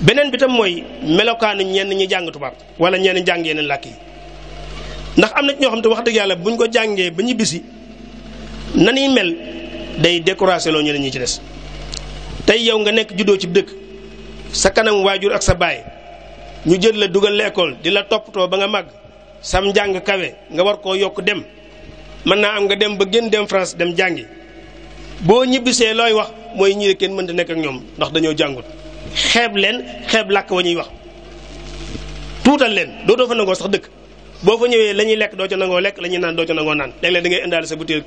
Speaker 1: beneen bi tam mooy melokaanu ñenn ñi jàng tubaab wala ñeen jàng yeneen làkk yi ndax am na ñoo xam te wax dëgg yàlla buñ ko jàngee ba ñibbisi na nanuy mel day découragé loo ñeneen ñi ci des tey yow nga nekk juddoo ci dëkk sa kanam waajur ak sa baay ñu jël la dugal l'école di la toppatoo ba nga màgg sam njàng kawe nga war koo yokk dem mën naa am nga dem ba gën dem France dem jàngi boo ñibbisee looy wax mooy ñii kenn mënta nekk ak ñoom ndax dañoo jàngut xeeb leen xeeb làkk wa ñuy wax tuutal leen dootoo fa nangoo sax dëkk boo fa ñëwee la ñuy lekk doo ca nangoo lekk la ñuy naan doo ca nangoo naan léeg-léeg da ngay indaale sa butéel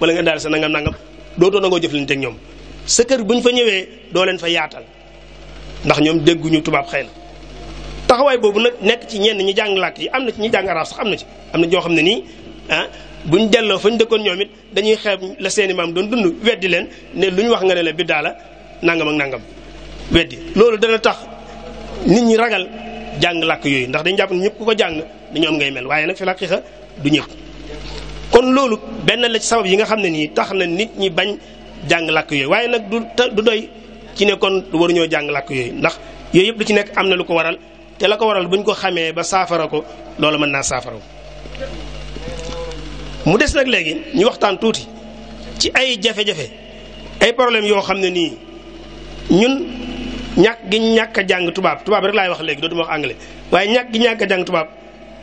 Speaker 1: wala nga indaale sa nangam nangam dootoo nangoo jëflante ak ñoom sa kër bu ñu fa ñëwee doo leen fa yaatal ndax ñoom dégguñu tubaab xëy na taxawaay boobu nag nekk ci ñenn ñi jàng làkk yi am na ci ñi jàng arab sax am na ci am na ñoo xam ne nii ah bu ñu delloo fa ñu dëkkoon ñoom it dañuy xeeb la seeni maam doon dund weddi leen ne lu ñu wax nga ne la biddaa la nangam nangam weddi loolu dana tax nit ñi ragal jàng làkk yooyu ndax dañ jàpp ne ñëpp ku ko jàng dañoo am ngay mel waaye nag fi laqiiqa du ñëpp kon loolu benn la ci sabab yi nga xam ne nii tax na nit ñi bañ jàng làkk yooyu waaye nag du du doy ci ne kon waruñoo jàng làkk yooyu ndax yooyu yëpp lu ci nekk am na lu ko waral te la ko waral bañ ko xamee ba saafara ko loolu mën naa saafara mu des nag léegi ñu waxtaan tuuti ci ay jafe-jafe ay problème yoo xam ne nii ñun ñàkk gi ñàkk a jàng tubaab tubaab rek laay wax léegi dootuma wax anglais waaye ñàkk gi ñàkk a jàng tubaab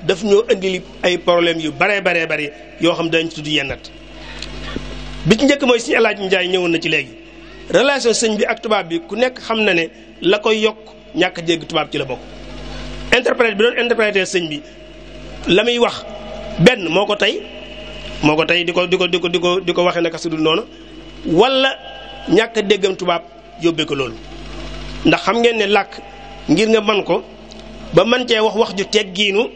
Speaker 1: daf ñoo indil ay problème yu baree baree bari yoo xam dañ ci tudd yennat bi ci njëkk mooy si El Hadj Ndiaye ñëwoon na ci léegi relation sëñ bi ak tubaab bi ku nekk xam na ne la koy yokk ñàkk jégg tubaab ci la bokk interprète bi doon interprété sëñ bi la muy wax benn moo ko tey moo ko tey di ko di ko di ko di ko di ko waxee naka su dul noonu wala ñàkk déggam tubaab yóbbee ko loolu ndax xam ngeen ne làkk ngir nga man ko ba man cee wax wax ju teggiinu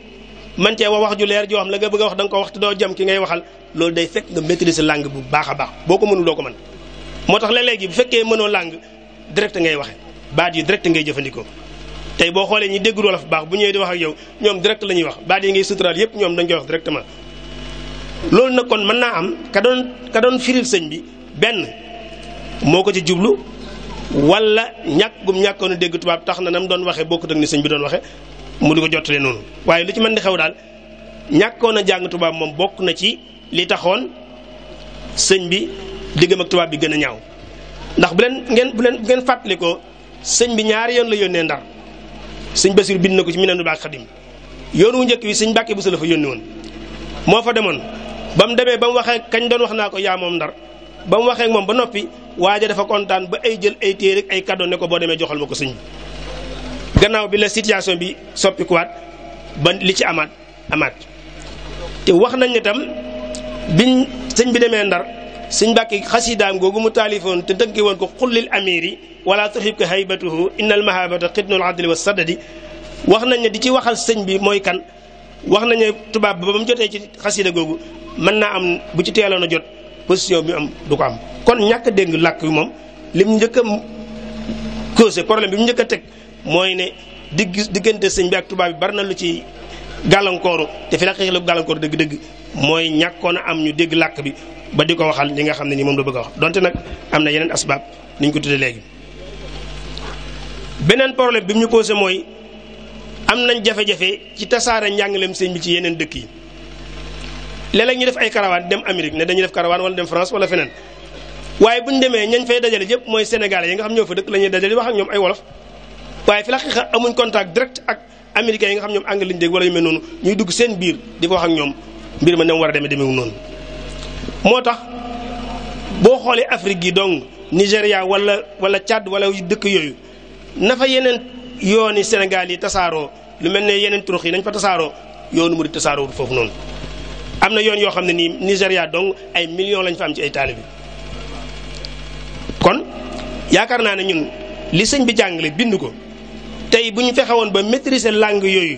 Speaker 1: man cee wax wax ju leer joo xam la nga bëgg a wax da nga ko wax te doo jëm ki ngay waxal loolu day fekk nga maîtriser langue bu baax a baax boo ko mënul doo ko mën moo tax léeg-léegi bu fekkee mënoo langue direct ngay waxe baat yi direct ngay jëfandikoo tey boo xoolee ñi déggul baax bu ñëwee di wax ak yow ñoom direct la ñuy wax baat yi ngay suturaal yépp ñoom dañ koy wax directement loolu nag kon mën naa am ka doon ka doon sëñ bi benn moo ko ci jublu wala ñàkk ñàkkoon a dégg tubaab tax na nam doon waxee bokkut ak ni sëñ bi doon waxe mu di ko jottalee noonu waaye lu ci mën di xew daal ñàkkoon a jàng tubaab moom bokk na ci li taxoon sëñ bi diggam ak tubaab bi gën a ñaaw ndax bu leen ngeen bu leen bu ngeen fàttalikoo sëñ bi ñaari yoon la yónnee ndar sëñ Basir bind na ko ci Minanul Xadim yoon wu njëkk wi sëñ Mbàkke Buso la fa yónni woon moo fa demoon ba mu demee ba mu waxee kañ doon wax naa ko yaa moom ndar ba mu waxee moom ba noppi waaja dafa kontaan ba ay jël ay téere ak ay cadeau ne ko boo demee joxal ma ko sëñ bi gannaaw bi la situation bi soppikuwaat ba li ci amaat amaat te wax nañ ne tam biñ sëñ bi demee ndar sëñ Mbàkke xasidaam googu mu taalifoon te dënke woon ko xullil amiri wala tuhib ka haybatuhu innal mahabata xidnul adli wa sadadi wax nañ ne di ci waxal sëñ bi mooy kan wax nañ tubaab ba ba mu jotee ci xasida googu mën naa am bu ci teeloon a jot position bi am du ko am kon ñàkk a dégg làkk bi moom lim njëkk am causé problème bi mu njëkk a teg mooy ne digg diggante sëñ bi ak tubaab bi bari na lu ci gàllankooru te fi la xëy la gàllankooru dëgg-dëgg mooy ñàkkoon a am ñu dégg làkk bi ba di ko waxal li nga xam ne ni moom la bëgg a wax donte nag am na yeneen asbaab ni ñu ko tuddee léegi. beneen problème bi mu ñu causé mooy am nañ jafe-jafe ci tasaare njàngaleem sëñ bi ci yeneen dëkk yi. léeg-léeg ñu def ay karawaan dem Amérique ne dañuy def karawaan wala dem France wala feneen waaye bu ñu demee ñañ fay dajale yëpp mooy sénégalais yi nga xam ñoo fa dëkk la ñuy dajale wax ak ñoom ay wolof waaye fi la xeexa amuñ contact direct ak américains yi nga xam ñoom anglais lañu dégg wala yu mel noonu ñuy dugg seen biir di ko wax ak ñoom mbir ma ne mu war a demee demeewu noonu moo tax boo xoolee Afrique gi donc Nigéria walla wala Tchad wala dëkk yooyu na fa yeneen yooni Sénégal yi tasaaroo lu mel ne yeneen turux yi nañ fa tasaaroo yoonu mu foofu noonu am na yoon yoo xam ne nii Nigéria donc ay million lañ fa ci ay taalibe kon yaakaar naa ne ñun li sëñ bi jàngale bind ko tey bu ñu fexewoon ba maîtriser langue yooyu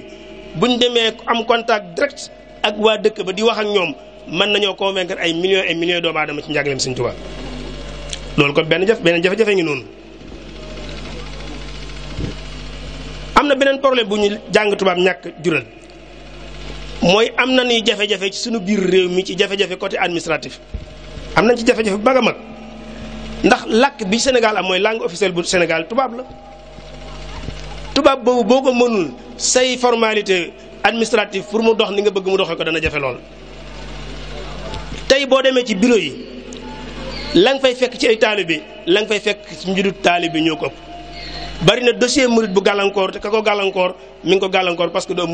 Speaker 1: bu ñu demee am contact direct ak waa dëkk ba di wax ak ñoom mën nañoo convaincre ay millions ay millions doomu aadama ci njàngaleem sëñ Tuubaa loolu ko benn jaf benn jafe-jafe ñu noonu. am na beneen problème bu ñu jàng tubaab ñàkk jural mooy am nañuy jafe-jafe ci suñu biir réew mi ci jafe-jafe côté administratif am nañ ci jafe-jafe bu mag mag ndax làkk bi Sénégal am mooy langue officielle bu Sénégal tubaab la tubaab boobu boo ko mënul say formalité administrative pour mu dox ni nga bëgg mu doxee ko dana jafe lool tey boo demee ci bureau yi la nga fay fekk ci ay taalibe la nga fay fekk ci njudut taalibe ñoo ko ëpp bari na dossier murit bu gàllankoor te ka ko gàllankoor mi ngi ko gàllankoor parce que du am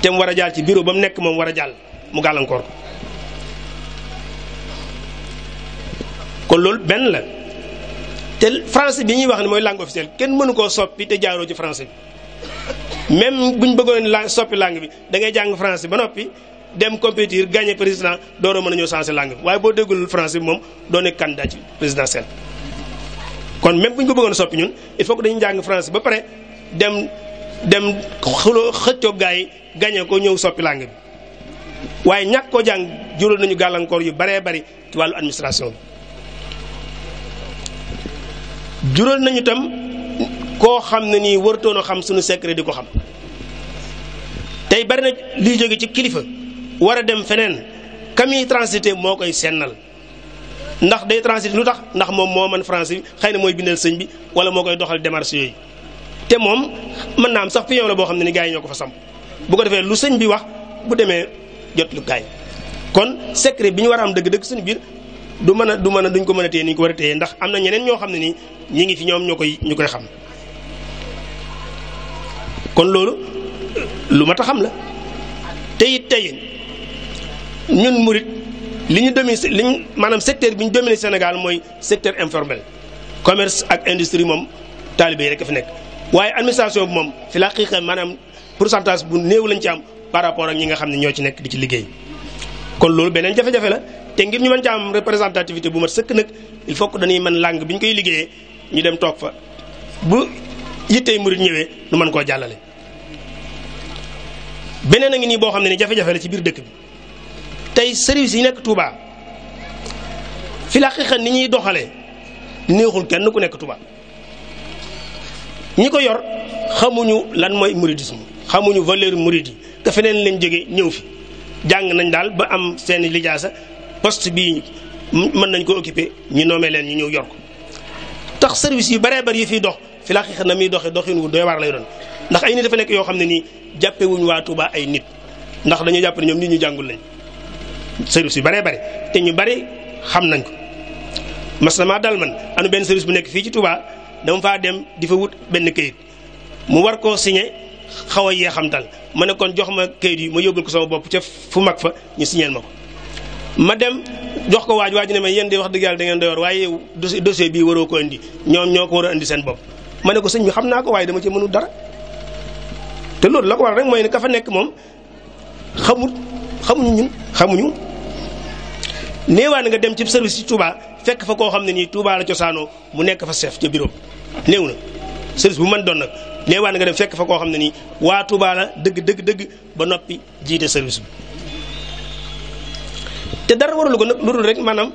Speaker 1: te mu war a jaar ci bureau ba mu nekk moom war a jàll mu gàllankoor kon loolu benn la te français bi ñuy wax ne mooy langue officielle kenn mënu koo soppi te jaaroo ci français bi même bu ñu bëggoon la soppi langue bi dangay ngay jàng français ba noppi dem compétir gagné président dooroo mën a ñëw changé langue bi waaye boo déggul français bi moom doo nekk candidat ci présidentielle. kon même bu ñu ko bëggoon soppi ñun il faut que dañu jàng français ba pare dem dem xuloo xëccoo gaa gañe ko ñëw soppi langue bi waaye ñàkk koo jàng jural nañu gàllankoor yu baree bari ci wàllu administration bi jural nañu tam koo xam ne nii wërtoon a xam suñu secret di ko xam tey bari na liy jóge ci kilifa war a dem feneen kami transité moo koy sennal ndax day transité lu tax ndax moom moo man français bi xëy na mooy bindal sëñ bi wala moo koy doxal démarche yooyu te moom mën naa am sax pion la boo xam ne ni gars yi ñoo ko fa samp bu ko defee lu sëñ bi wax bu demee jot lu gars yi kon secret bi ñu war a am dëgg-dëgg suñu biir du mën a du mën a duñ ko mën a téye ni ko war ndax am na ñeneen ñoo xam ne nii ñi ngi fi ñoom ñoo koy ñu koy xam kon loolu lu mat a xam la te it tey ñun murit li ñu domi li ñu maanaam secteur bi ñu dominé Sénégal mooy secteur informel commerce ak industrie moom taalibe yi rek fi nekk waaye administration bi moom fi la xiiqa maanaam pourcentage bu néew lañ ci am par rapport ak ñi nga xam ne ñoo ci nekk di ci liggéey kon loolu beneen jafe-jafe la te ngir ñu mën ci am représentativité bu mat sëkk nag il faut que dañuy man langue bi ñu koy liggéeyee ñu dem toog fa bu yittey murit ñëwee nu koo jàllale beneen a ngi nii boo xam ne ni jafe-jafe la ci biir dëkk bi tey service yi nekk Touba fi la xiiqa ni ñuy doxalee néexul kenn ku nekk Touba ñi ko yor xamuñu lan mooy mouridisme xamuñu valeur murid yi te feneen lañ jógee ñëw fi jàng nañ daal ba am seen lijaasa poste bii mën nañ ko occuper ñu noomee leen ñu ñëw yor ko tax service yu baree bari yi fiy dox fi la xeex na muy doxee doxin wu doy waar lay doon ndax ay nit dafa nekk yoo xam ne nii jàppewuñ waa tubaa ay nit ndax dañuy jàpp ne ñoom nit ñu jàngul lañ service yu baree bari te ñu bari xam nañ ko mas na maa dal man anu benn service bu nekk fii ci Touba dama faa dem di fa wut benn kayit mu war koo signé xaw a yee xam tal ma ne kon jox ma kayit yi ma yóbbul ko sama bopp ca fu mag fa ñu signeel ma ko. ma dem jox ko waaj waaj ne ma yéen di wax dëgg yàlla da ngeen doyoor waaye dossier bii waroo ko indi ñoom ñoo ko war a indi seen bopp ma ne ko sëñ bi xam naa ko waaye dama ci mënu dara te loolu la ko war rek mooy ne ka fa nekk moom xamut xamuñu ñun xamuñu néewaa na nga dem ci service ci Touba fekk fa koo xam ne nii Touba la cosaanoo mu nekk fa chef ca bureau néew na service bu man doon nag léewaat nga dem fekk fa koo xam ne nii waa la dëgg dëgg dëgg ba noppi jiite service bi te dara waralu ko nag lu dul rek maanaam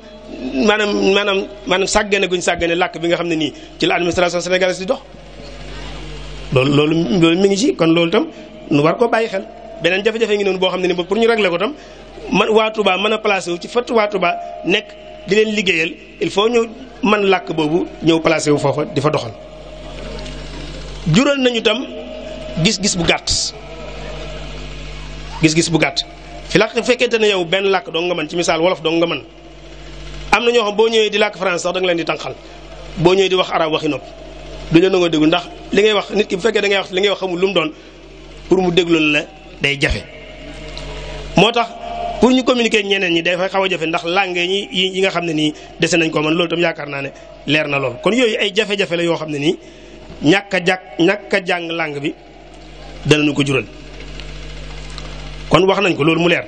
Speaker 1: maanaam maanaam maanaam sàggane guñ sàggane làkk bi nga xam ne nii ci la administration sénégalaise si dox loolu loolu loolu mi ngi ci kon loolu tam nu war koo bàyyi xel beneen jafe-jafe ngi noonu boo xam ne nii pour ñu régler ko tam man waa Touba mën a placé wu ci fëtt waa nekk di leen liggéeyal il faut ñu man làkk boobu ñëw placé wu foofa di fa doxal jural nañu tam gis-gis bu gàtt gis-gis bu gàtt fi làkk fekkente ne yow benn làkk doo nga mën ci misaal wolof doo nga man am na ñoo xam boo ñëwee di làkk France sax da nga leen di tànqal boo ñëwee di wax arab waxi nopp du ñu nangoo déglu ndax li ngay wax nit ki bu fekkee da ngay wax li ngay wax xamul lu mu doon pour mu déglu la day jafe moo tax pour ñu communiquer ñeneen ñi dafay xaw a jafe ndax langue ñi yi nga xam ne nii dese ko man loolu tam ne leer na lool kon yooyu ay jafe la yoo xam ne nii ñàkk a jàkk ñàkk a jàng langue bi ko jural kon wax nañ ko loolu mu leer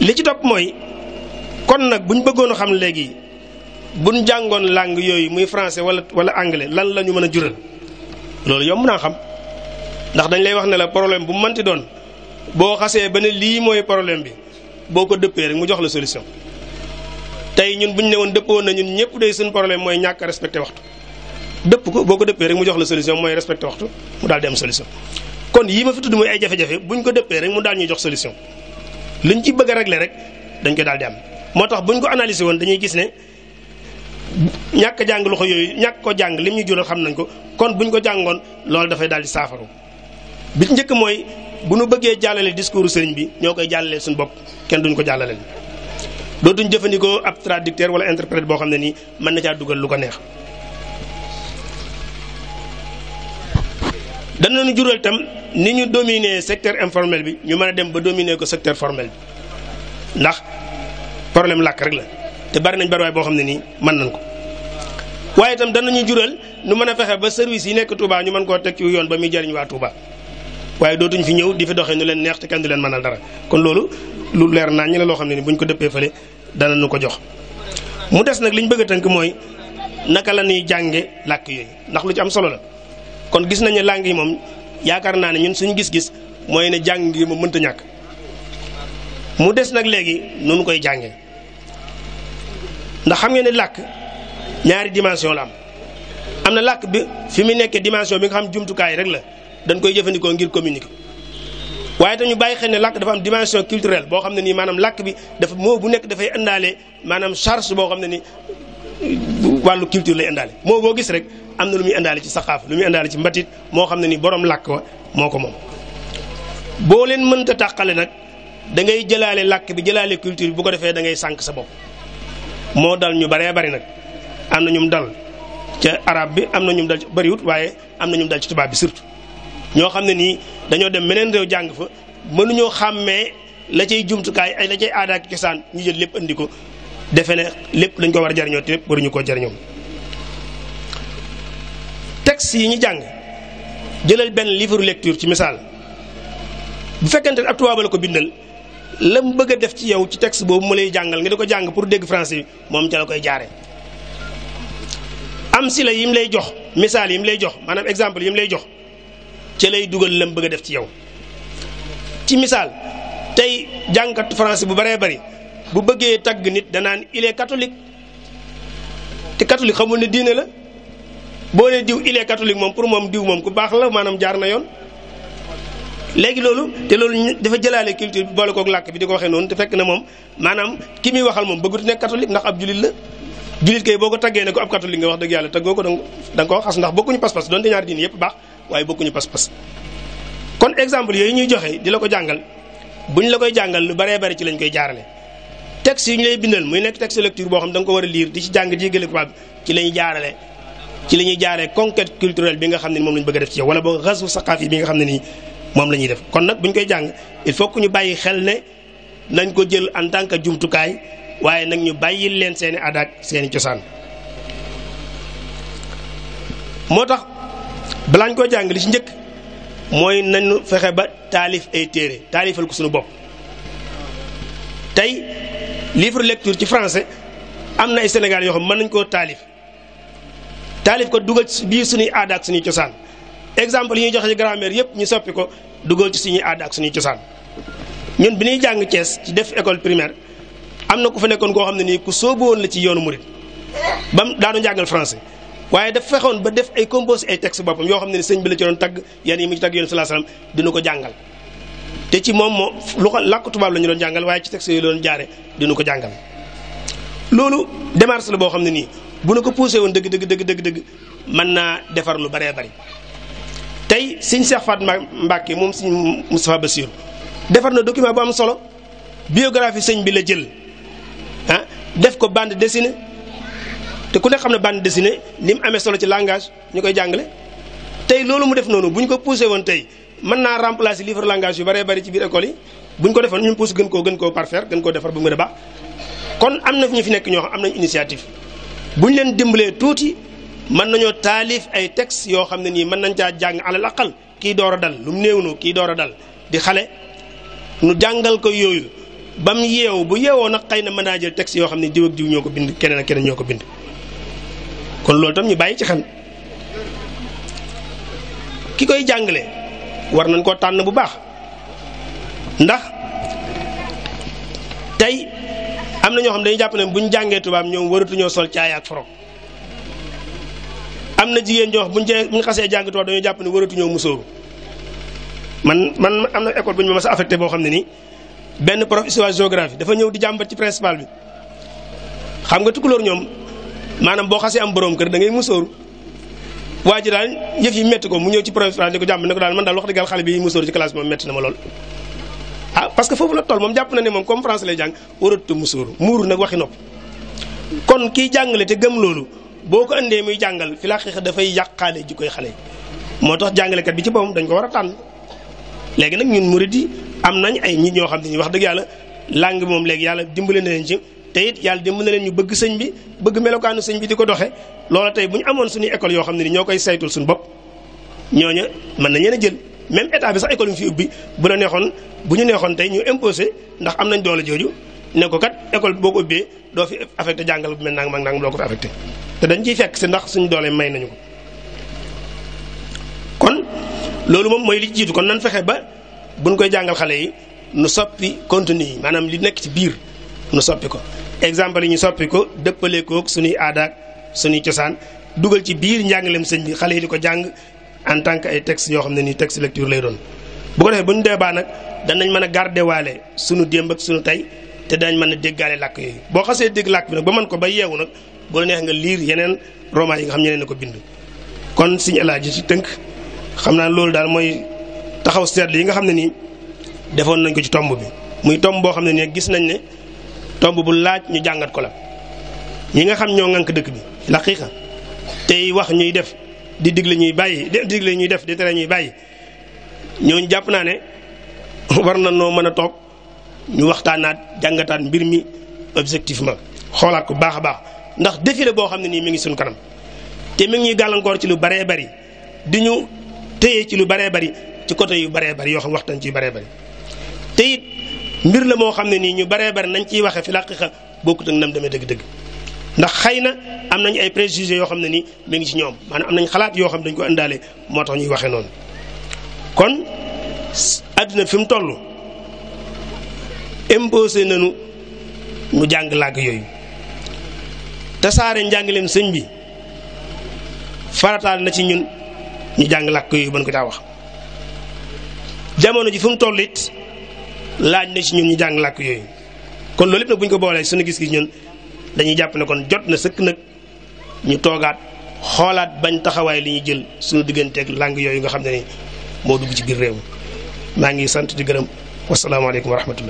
Speaker 1: li ci topp mooy kon nag bu ñu bëggoon xam léegi bu ñu jàngoon langue yooyu muy français wala wala anglais lan la ñu mën a jural loolu yow yomb naa xam ndax dañ lay wax ne la problème bu mu mënti doon boo xasee ba ne lii mooy problème bi. boo ko dëppee rek mu jox la solution tey ñun bu ñu ne woon dëppoon na ñun ñëpp day seen problème mooy ñàkk respecté waxtu dëpp ko boo ko dëppee rek mu jox la solution mooy respecté waxtu mu daal di solution kon yii ma fi tudd mooy ay jafe buñ ko dëppee rek mu daal ñuy jox solution ñu ci bëgg a régler rek dañ koy daal di am moo tax buñ ko analysé woon dañuy gis ne ñàkk jàng loxo yooyu ñàkk ko jàng lim ñu jural xam nañ ko kon bu ñu ko jàngoon loolu dafay daal di saafaru bi njëkk mooy bu nu bëggee jàllale discours sëriñ bi ñoo koy jàllale suñu bopp kenn duñu ko jàllale dootuñ jëfandikoo ab traducteur wala interprète boo xam ne nii mën na caa dugal lu ko neex. danañu jural itam ni ñu dominer secteur informel bi ñu mën a dem ba dominer ko secteur formel ndax problème làkk rek la te bari nañ bariwaay boo xam ne nii mën nañ ko. waaye itam danañu jural nu mën a fexe ba service yi nekk Touba ñu mën koo teg ci yoon ba muy jariñ waa Touba. waaye dootuñ fi ñëw di fi doxee nu leen neex te kenn du leen mënal dara kon loolu lu leer naa ñi la loo xam ne bu buñ ko dëppee fële dana nu ko jox mu des nag liñ bëgg a tënk mooy naka la ñuy jànge làkk yooyu ndax lu ci am solo la kon gis nañu làng yi moom yaakaar naa ne ñun suñu gis-gis mooy jàng gi moom mënta ñàkk mu des nag léegi nunu koy jàngee ndax xam ngeen ne làkk ñaari dimension la am am na làkk bi fi mu nekkee dimension bi nga xam jumtukaay rek la dañ koy jëfandikoo ngir communiquer waaye tam bàyyi xel ne làkk dafa dimension culturelle boo xam ne nii maanaam làkk bi dafa moo bu nekk dafay indaale maanaam charge boo xam ne ni wàllu culture lay indaale moo boo gis rek am lu muy indaale ci saxaaf lu muy indaale ci mbatit moo xam ne ni borom làkk wa moo ko moom boo leen mënta tàqale nag da ngay jëlaale làkk bi jëlaale culture bi bu ko defee da ngay sànq sa bopp moo dal ñu baree bari nag am na ñum dal ca arab bi am na ñum dal ci bariwut waaye am na ñum dal ci tubaab bi surtout ñoo xam ne nii dañoo dem meneen réew jàng fa mënuñoo xàmmee la cay jumtukaay ay la cay aada ak cosaan ñu jël lépp indi ko defe ne lépp dañ ko war a jariñoo te lépp waruñu koo jariñoo texte yi ñu jàng jëlal benn livre lecture ci misaal bu fekkente ne ab tubaab la ko bindal la mu bëgg a def ci yow ci texte boobu mu lay jàngal nga di ko jàng pour dégg français moom ca koy jaare am si la yim lay jox misaal yim lay jox maanaam exemple yim lay jox ca lay dugal lam bëgg a def ci yow ci misaal tey jàngkat français bu baree bari bu bëggee tagg nit danaan il catholique te catholique xamul ne diine la boo ne diw il est catholique moom pour moom diw moom ku baax la maanaam jaar na yoon léegi loolu te loolu dafa jëlaale culture bi boole koog làkk bi di ko waxee noonu te fekk na moom maanaam ki muy waxal moom bëggut nekk catholique ndax ab jullit la jullit kay boo ko taggee ne ko ab catholique nga yëpp baax waaye bokkuñu pas-pas kon exemple yooyu ñuy joxe di la ko jàngal bu buñ la koy jàngal lu baree bari ci lañ koy jaarale texte yi ñu lay bindal muy nekk texte lecture boo xam da nga ko war a lire di ci jàng di yëgale tubaab ci la ñuy jaarale ci la ñuy jaaree conquête culturelle bi nga xam ne moom la bëgg a def ci yow wala boog rasu saqaaf yi bi nga xam ne nii moom la ñuy def kon nag buñ koy jàng il faut ñu bàyyi xel ne nañ ko jël en tant que jumtukaay waaye nag ñu bàyyi leen seen i aada ak seen balaañ koo jàng li ci njëkk mooy nañu fexe ba taalif ay téere taalifal ko suñu bopp tey livre lecture ci français am na ay Sénégal yoo xam mën nañ koo taalif taalif ko dugal ci biir suñuy aada ak suñuy cosaan exemple yi ñuy joxe ci grammaire yëpp ñu soppi ko dugal ci suñuy aada ak suñuy cosaan ñun bi nuy jàng Cees ci def école primaire am na ku fa nekkoon koo xam ne nii ku sóobu la ci yoonu murit bam daanu jàngal français waaye daf fexoon ba def ay compose ay texte boppam yoo xam ne sëñ bi la ci doon tagg yan yi mu ci tagg yoon salaa salaam dina ko jàngal te ci moom moo lu ko làkk tubaab la ñu doon jàngal waaye ci texte yooyu la doon jaare dina ko jàngal loolu démarche la boo xam ne nii bu na ko poussé woon dëgg dëgg dëgg dëgg dëgg mën naa defar lu baree bari tey sëñ Cheikh Fatma Mbacke moom sëñ Moustapha Bassirou defar na dokiment bu am solo biographie sëñ bi la jël ah, def ko bande dessinée te ku nekk xam ne bande dessinée ni mu amee solo ci langage ñu koy jàngale tey loolu mu def noonu bu ñu ko poussé woon tey mën naa remplacer livre langage yu baree bari ci biir école yi bu ñu ko defoon ñu pousse gën koo gën koo parfaire gën koo defar bu mu gën a baax kon am na fi ñu fi nekk ñoo xam am nañ initiative bu ñu leen dimbalee tuuti mën nañoo taalif ay textes yoo xam ne nii mën nañ caa jàng alal aqal kii door a dal lu mu néew nu kii door a dal di xale nu jàngal ko yooyu ba mu yeew bu yeewoo nag xëy na mën naa jël yoo xam ne diw ak diw ñoo bind keneen ak keneen ñoo ko bind kon loolu tam ñu bàyyi ci xel ki koy jàngale war nañ koo tànn bu baax ndax tey am na ñoo xam dañuy jàpp ne bu ñu jàngee tubaab ñoom waratuñoo sol caay ak forog am na jigéen ñoo buñ bu ñu xasee jàng tubaab dañuy jàpp ne waratuñoo musóoru man man am na école bu ñu ma mas affecté boo xam ne nii benn prof histoire dafa ñëw di jàmbat ci principal bi xam nga tukulóor ñoom. maanaam boo xasee am borom kër da ngay musóoru waa ji daal yëf yi métti ko mu ñëw ci professeur ni ko jàmm ne ko daal man daal wax dëggal xale bi musóoru ci classe bi moom métti na ma lool ah parce que foofu la toll moom jàpp na ne moom comme français lay jàng waratu musóoru muuru kon kiy jàngale te gëm loolu boo ko andee muy jàngal fi la xeex dafay yàqaale ji koy xale moo tax jàngalekat bi ci boppam dañ ko war a tànn léegi nag ñun murid yi am nañ ay nit ñoo xam ne wax dëgg yàlla langue bi moom léegi yàlla dimbale na leen ci te it yàlla dimbali na leen ñu bëgg sëñ bi bëgg melokaanu sëñ bi di ko doxe loola tey bu ñu amoon suñuy école yoo xam ne ni ñoo koy saytul suñu bopp ñooña mën nañ leen a jël même état bi sax école ubbi bu la neexoon bu ñu neexoon tey ñu imposé ndax am nañ doole jooju ne ko kat école boo ko ubbee doo fi affecté jàngal bu mel nangam ak nangam doo ko fi affecté te dañ ciy fekk si ndax suñu doole may nañu ko kon loolu moom mooy li jiitu kon nan fexe ba buñ koy jàngal xale yi nu soppi contenu yi maanaam li nekk ci biir nu soppi ko exemple yi ñu soppi ko dëppale koog suñuy aadaak suñuy cosaan dugal ci biir njàngalem sëñ bi xale yi di ko jàng en tant que ay textes yoo xam ne nii texte lecture lay doon bu ko defee bu ñu deebaa nag danañ mën a garder waale suñu démb suñu tey te danañ mën a déggaale làkk yooyu boo xasee dégg làkk ba mën ko ba yeewu nag bu la neex liir yeneen roman yi nga xam ñeneen na ko bind kon Sëñ Alaaji ci tënk xam naa loolu daal mooy taxaw seetlu yi nga xam ne nii defoon nañ ko ci tomb bi muy tomb boo xam ne nii gis nañ ne tomb bu laaj ñu jàngat ko la ñi nga xam ñoo ŋànk dëkk bi la xiixa tey wax ñuy def di digle ñuy bàyyi di digle ñuy def di tere ñuy bàyyi ñooñu jàpp naa ne war na noo mën a toog ñu waxtaanaat jàngataat mbir mi objectivement xoolaat ko baax a baax ndax défilé boo xam ne nii mi ngi suñ kanam te mi ngi ñuy gàllankoor ci lu baree bari di ñu téye ci lu baree bari ci côté yu baree bari yoo xam waxtaan ci yu baree bari te mbir la moo xam ne nii ñu baree bari nañ ciy waxee fi laqiqa bokkut ak nam demee dëgg-dëgg ndax xëy na am nañ ay préjugés yoo xam ne nii mu ngi ci ñoom maanaam am nañ xalaat yoo xam ne dañ ko indaale moo tax ñuy waxee noonu kon adduna fi mu toll imposé nañu ñu jàng làkk yooyu tasaare njàngaleem sëñ bi farataal na ci ñun ñu jàng làkk yooyu ban ko caa wax jamono ji fu mu toll laaj na ci ñun ñu jàng làkk yooyu kon loolu lépp nag bu ñu ko boolee suñu gis-gis ñun dañuy jàpp ne kon jot na sëkk nag ñu toogaat xoolaat bañ taxawaay li ñuy jël suñu digganteeg làng yooyu nga xam ne ni moo dugg ci biir réew maa ngi sant di gërëm wasalaamaaleykum wa rahmatullah